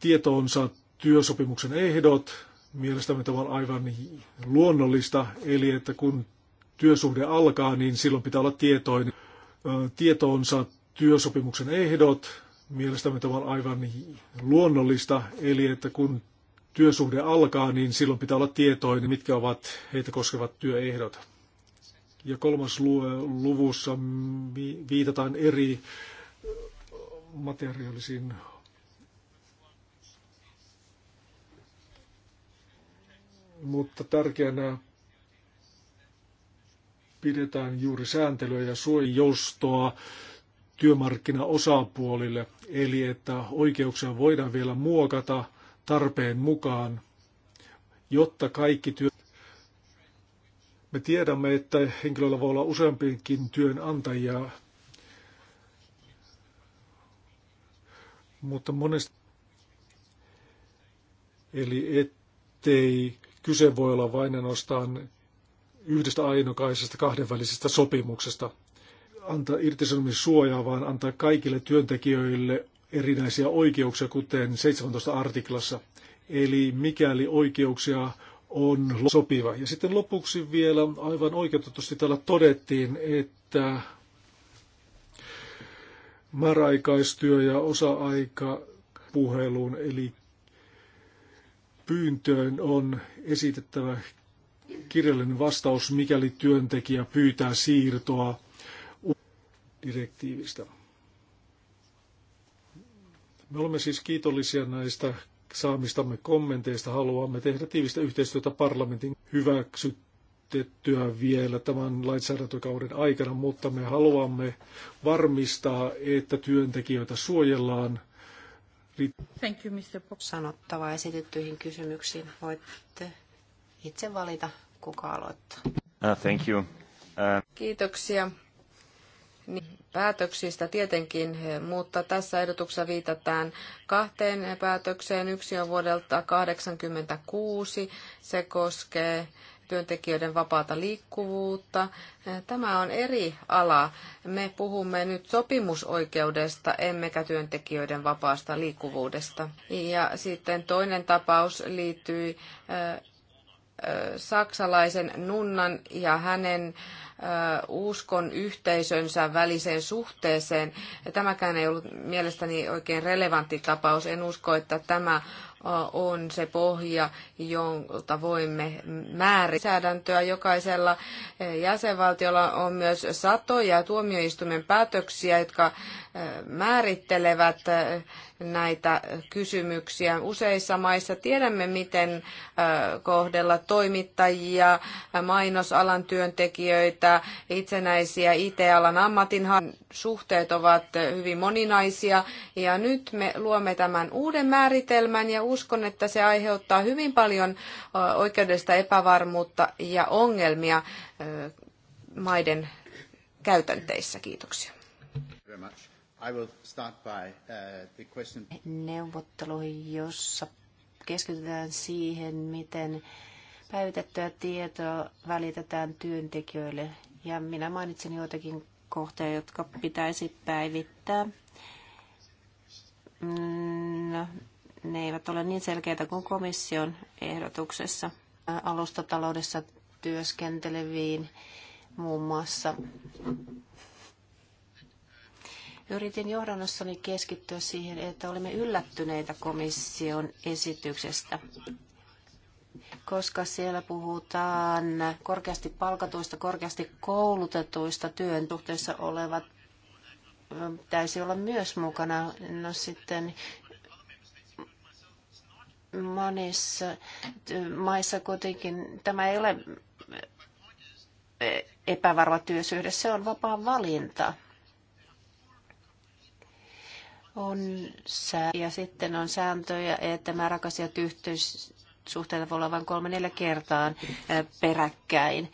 S3: tietoonsa työsopimuksen ehdot. Mielestäni tämä on aivan luonnollista, eli että kun työsuhde alkaa, niin silloin pitää olla tietoinen tietoonsa työsopimuksen ehdot. Mielestäni tämä on aivan luonnollista, eli että kun työsuhde alkaa, niin silloin pitää olla tietoinen, mitkä ovat heitä koskevat työehdot. Ja kolmas luvussa viitataan eri materiaalisiin mutta tärkeänä pidetään juuri sääntelyä ja suojoustoa työmarkkinaosapuolille, eli että oikeuksia voidaan vielä muokata tarpeen mukaan, jotta kaikki työ... Me tiedämme, että henkilöllä voi olla useampikin työnantajia, mutta monesti... Eli ettei Kyse voi olla vain ainoastaan yhdestä ainokaisesta kahdenvälisestä sopimuksesta. Antaa irtisanomissuojaa, vaan antaa kaikille työntekijöille erinäisiä oikeuksia, kuten 17 artiklassa. Eli mikäli oikeuksia on sopiva. Ja sitten lopuksi vielä aivan oikeutetusti täällä todettiin, että määräaikaistyö ja osa-aika puheluun, eli pyyntöön on esitettävä kirjallinen vastaus, mikäli työntekijä pyytää siirtoa direktiivistä. Me olemme siis kiitollisia näistä saamistamme kommenteista. Haluamme tehdä tiivistä yhteistyötä parlamentin hyväksytettyä vielä tämän lainsäädäntökauden aikana, mutta me haluamme varmistaa, että työntekijöitä suojellaan –
S1: Thank you, Mr. sanottava esitettyihin kysymyksiin. Voitte itse valita,
S2: kuka aloittaa.
S1: Uh, thank you. Uh,
S2: Kiitoksia niin, päätöksistä tietenkin, mutta tässä ehdotuksessa viitataan kahteen päätökseen. Yksi on vuodelta 1986. Se koskee työntekijöiden vapaata liikkuvuutta. Tämä on eri ala. Me puhumme nyt sopimusoikeudesta, emmekä työntekijöiden vapaasta liikkuvuudesta. Ja sitten toinen tapaus liittyy saksalaisen nunnan ja hänen uskon yhteisönsä väliseen suhteeseen. Tämäkään ei ollut mielestäni oikein relevantti tapaus. En usko, että tämä on se pohja, jonka voimme määrisäädäntöä. Jokaisella jäsenvaltiolla on myös satoja tuomioistuimen päätöksiä, jotka määrittelevät näitä kysymyksiä. Useissa maissa tiedämme, miten kohdella toimittajia, mainosalan työntekijöitä, itsenäisiä IT-alan ammatin suhteet ovat hyvin moninaisia. Ja nyt me luomme tämän uuden määritelmän ja uskon, että se aiheuttaa hyvin paljon oikeudesta epävarmuutta ja ongelmia maiden käytänteissä. Kiitoksia. I will start by, uh, the question.
S1: jossa keskitytään siihen, miten päivitettyä tietoa välitetään työntekijöille. Ja minä mainitsin joitakin kohtia, jotka pitäisi päivittää. Mm, no, ne eivät ole niin selkeitä kuin komission ehdotuksessa. Alustataloudessa työskenteleviin muun muassa Yritin johdannossani keskittyä siihen, että olemme yllättyneitä komission esityksestä, koska siellä puhutaan korkeasti palkatuista, korkeasti koulutetuista työn suhteessa olevat pitäisi olla myös mukana. No sitten monissa maissa kuitenkin tämä ei ole epävarma työsuhde, se on vapaa valinta on sää, ja sitten on sääntöjä, että määräaikaiset yhteyssuhteita voi olla vain kolme neljä kertaa peräkkäin.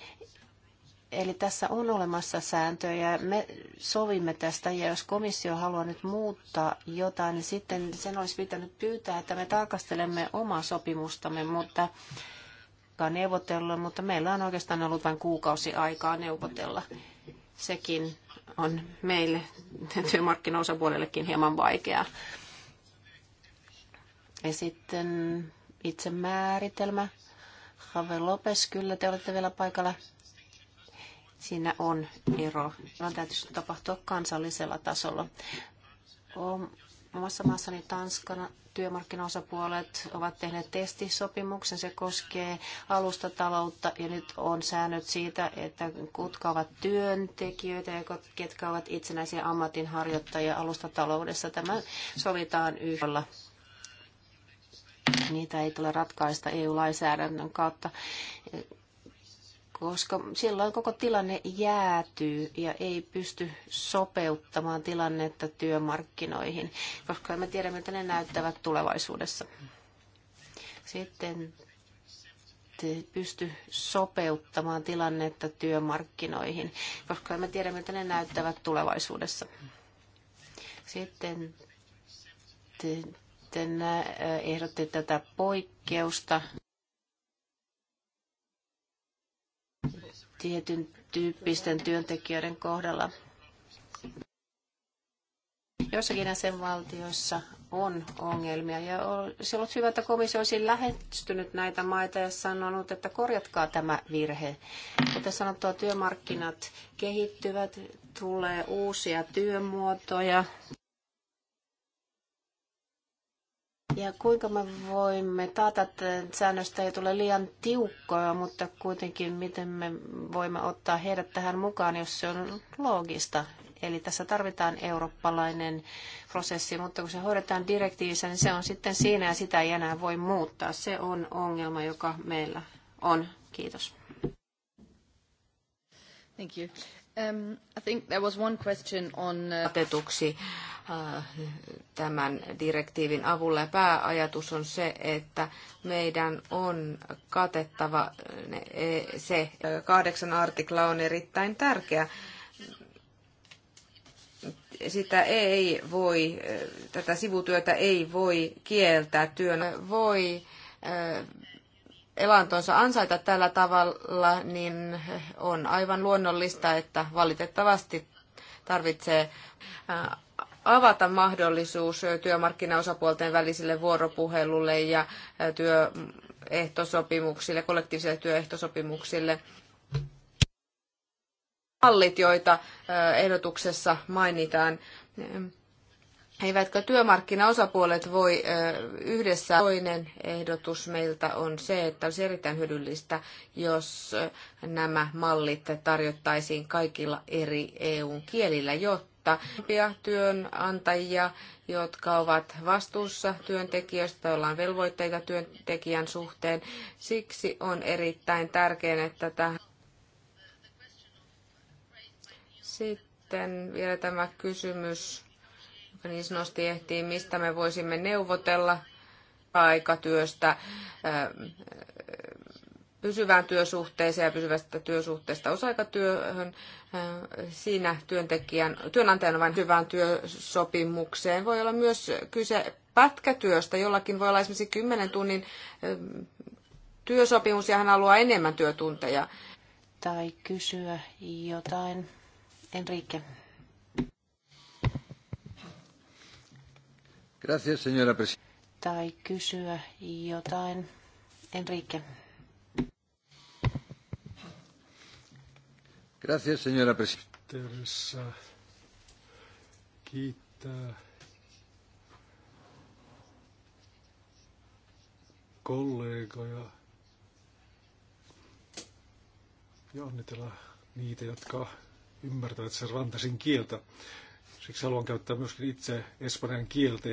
S1: Eli tässä on olemassa sääntöjä. Me sovimme tästä ja jos komissio haluaa nyt muuttaa jotain, niin sitten sen olisi pitänyt pyytää, että me tarkastelemme omaa sopimustamme, mutta neuvotella, mutta meillä on oikeastaan ollut vain kuukausi aikaa neuvotella. Sekin on meille työmarkkinaosapuolellekin hieman vaikeaa. Ja sitten itse määritelmä. Jave Lopes, kyllä te olette vielä paikalla. Siinä on ero. Tämä täytyisi tapahtua kansallisella tasolla. Omassa maassani Tanskana työmarkkinaosapuolet ovat tehneet testisopimuksen. Se koskee alustataloutta ja nyt on säännöt siitä, että kutka ovat työntekijöitä ja ketkä ovat itsenäisiä ammatinharjoittajia alustataloudessa. Tämä sovitaan yhdellä. Niitä ei tule ratkaista EU-lainsäädännön kautta koska silloin koko tilanne jäätyy ja ei pysty sopeuttamaan tilannetta työmarkkinoihin, koska emme tiedä, miltä ne näyttävät tulevaisuudessa. Sitten pysty sopeuttamaan tilannetta työmarkkinoihin, koska emme tiedä, miltä ne näyttävät tulevaisuudessa. Sitten ehdotti tätä poikkeusta. tietyn tyyppisten työntekijöiden kohdalla. Joissakin jäsenvaltioissa on ongelmia ja olisi ollut hyvä, että komissio olisi lähestynyt näitä maita ja sanonut, että korjatkaa tämä virhe. Kuten sanottua, työmarkkinat kehittyvät, tulee uusia työmuotoja, Ja kuinka me voimme taata, että säännöstä ei tule liian tiukkoja, mutta kuitenkin miten me voimme ottaa heidät tähän mukaan, jos se on loogista. Eli tässä tarvitaan eurooppalainen prosessi, mutta kun se hoidetaan direktiivissä, niin se on sitten siinä ja sitä ei enää voi muuttaa. Se on ongelma, joka meillä on. Kiitos.
S2: Thank you. Um, I think there was one question on... Katetuksi uh, uh, tämän direktiivin avulla. Ja pääajatus on se, että meidän on katettava se. Kahdeksan artikla on erittäin tärkeä. Sitä ei voi, tätä sivutyötä ei voi kieltää työn. Voi uh, elantonsa ansaita tällä tavalla, niin on aivan luonnollista, että valitettavasti tarvitsee äh, avata mahdollisuus työmarkkinaosapuolten väliselle vuoropuhelulle ja äh, työehtosopimuksille, kollektiivisille työehtosopimuksille. Mallit, joita äh, ehdotuksessa mainitaan, eivätkä työmarkkinaosapuolet voi yhdessä. Toinen ehdotus meiltä on se, että olisi erittäin hyödyllistä, jos nämä mallit tarjottaisiin kaikilla eri eu kielillä, jotta työnantajia, jotka ovat vastuussa työntekijöistä, joilla on velvoitteita työntekijän suhteen. Siksi on erittäin tärkeää, että tähän sitten vielä tämä kysymys Vanis nosti ehtiin, mistä me voisimme neuvotella aikatyöstä äh, pysyvään työsuhteeseen ja pysyvästä työsuhteesta osa-aikatyöhön. Äh, siinä työntekijän, työnantajan on vain hyvään työsopimukseen. Voi olla myös kyse pätkätyöstä. Jollakin voi olla esimerkiksi 10 tunnin äh, työsopimus ja hän haluaa enemmän työtunteja. Tai kysyä jotain. Enrique.
S3: Gracias, señora
S1: tai kysyä jotain. Enrique.
S3: Gracias, señora Kiittää kollegoja ja onnitella niitä, jotka ymmärtävät sen rantasin kieltä. Siksi haluan käyttää myöskin itse espanjan kieltä